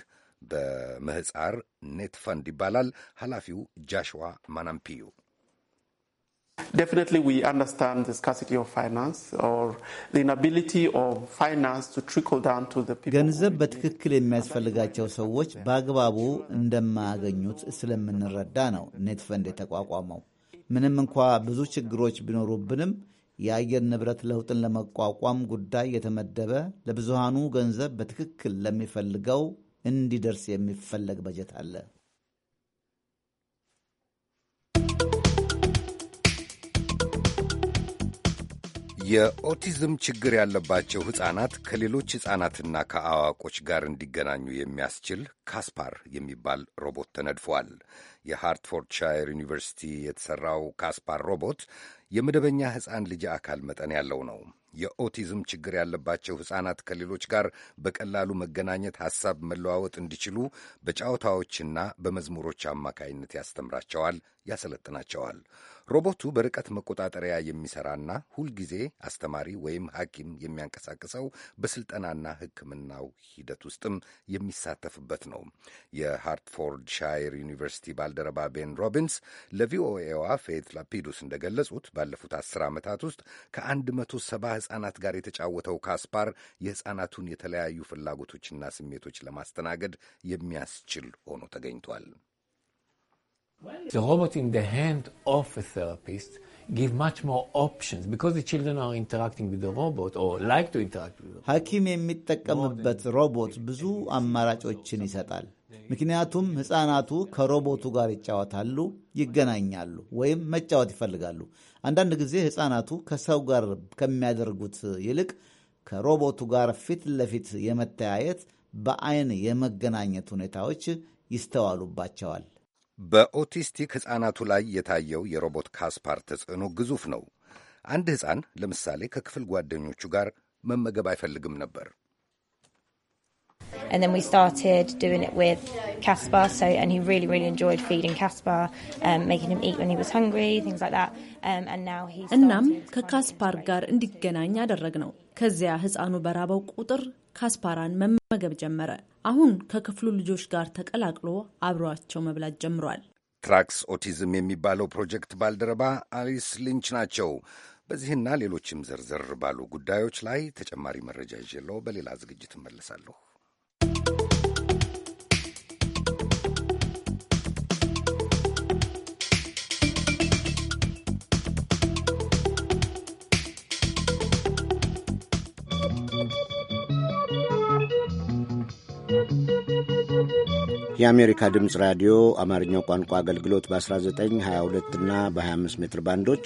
በምህፃር ኔት ፈንድ ይባላል። ኃላፊው ጃሽዋ ማናምፒዩ Definitely, we understand the scarcity of finance or the inability of finance to trickle down to the people. ገንዘብ በትክክል የሚያስፈልጋቸው ሰዎች በአግባቡ እንደማያገኙት ስለምንረዳ ነው ኔት ፈንድ የተቋቋመው። ምንም እንኳ ብዙ ችግሮች ቢኖሩብንም የአየር ንብረት ለውጥን ለመቋቋም ጉዳይ የተመደበ ለብዙሃኑ ገንዘብ በትክክል ለሚፈልገው እንዲደርስ የሚፈለግ በጀት አለ። የኦቲዝም ችግር ያለባቸው ሕፃናት ከሌሎች ሕፃናትና ከአዋቆች ጋር እንዲገናኙ የሚያስችል ካስፓር የሚባል ሮቦት ተነድፏል። የሃርትፎርድሻየር ዩኒቨርሲቲ የተሠራው ካስፓር ሮቦት የመደበኛ ሕፃን ልጅ አካል መጠን ያለው ነው። የኦቲዝም ችግር ያለባቸው ሕፃናት ከሌሎች ጋር በቀላሉ መገናኘት፣ ሐሳብ መለዋወጥ እንዲችሉ በጨዋታዎችና በመዝሙሮች አማካይነት ያስተምራቸዋል፣ ያሰለጥናቸዋል። ሮቦቱ በርቀት መቆጣጠሪያ የሚሰራና ሁልጊዜ አስተማሪ ወይም ሐኪም የሚያንቀሳቅሰው በስልጠናና ሕክምናው ሂደት ውስጥም የሚሳተፍበት ነው። የሃርትፎርድ ሻይር ዩኒቨርሲቲ ባልደረባ ቤን ሮቢንስ ለቪኦኤዋ ፌት ላፒዱስ እንደገለጹት ባለፉት አስር ዓመታት ውስጥ ከአንድ መቶ ሰባ ሕፃናት ጋር የተጫወተው ካስፓር የሕፃናቱን የተለያዩ ፍላጎቶችና ስሜቶች ለማስተናገድ የሚያስችል ሆኖ ተገኝቷል። The robot in the hand of a therapist give much more options because the children are interacting with the robot or like to interact with the ሐኪም የሚጠቀምበት ሮቦት ብዙ አማራጮችን ይሰጣል። ምክንያቱም ሕፃናቱ ከሮቦቱ ጋር ይጫወታሉ፣ ይገናኛሉ፣ ወይም መጫወት ይፈልጋሉ። አንዳንድ ጊዜ ሕፃናቱ ከሰው ጋር ከሚያደርጉት ይልቅ ከሮቦቱ ጋር ፊት ለፊት የመተያየት በአይን የመገናኘት ሁኔታዎች ይስተዋሉባቸዋል። በኦቲስቲክ ሕፃናቱ ላይ የታየው የሮቦት ካስፓር ተጽዕኖ ግዙፍ ነው። አንድ ሕፃን ለምሳሌ ከክፍል ጓደኞቹ ጋር መመገብ አይፈልግም ነበር። And then we started doing it with Caspar. So, and he really, really enjoyed feeding Caspar, um, making him eat when he was hungry, things like that. Um, and now he's. እናም ከካስፓር ጋር እንዲገናኝ ያደረግ ነው። ከዚያ ህፃኑ በራበው ቁጥር ካስፓራን መመገብ ጀመረ። አሁን ከክፍሉ ልጆች ጋር ተቀላቅሎ አብሯቸው መብላት ጀምሯል። ትራክስ ኦቲዝም የሚባለው ፕሮጀክት ባልደረባ አሊስ ሊንች ናቸው። በዚህና ሌሎችም ዘርዘር ባሉ ጉዳዮች ላይ ተጨማሪ መረጃ ይዤለው በሌላ ዝግጅት እመለሳለሁ። የአሜሪካ ድምፅ ራዲዮ አማርኛው ቋንቋ አገልግሎት በ1922 እና በ25 ሜትር ባንዶች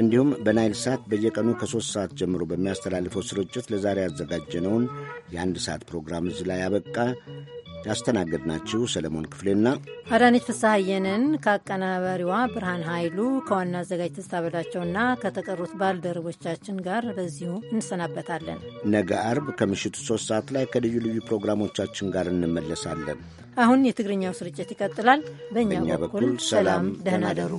እንዲሁም በናይል ሳት በየቀኑ ከሦስት ሰዓት ጀምሮ በሚያስተላልፈው ስርጭት ለዛሬ ያዘጋጀነውን የአንድ ሰዓት ፕሮግራም እዚህ ላይ አበቃ ያስተናገድናችሁ ሰለሞን ክፍሌና አዳነች ፍስሐየንን ከአቀናባሪዋ ብርሃን ኃይሉ ከዋና አዘጋጅ ትዝታ ከተቀሩት ባልደረቦቻችን ጋር በዚሁ እንሰናበታለን። ነገ አርብ ከምሽቱ ሶስት ሰዓት ላይ ከልዩ ልዩ ፕሮግራሞቻችን ጋር እንመለሳለን። አሁን የትግርኛው ስርጭት ይቀጥላል። በእኛ በኩል ሰላም፣ ደህና ደሩ።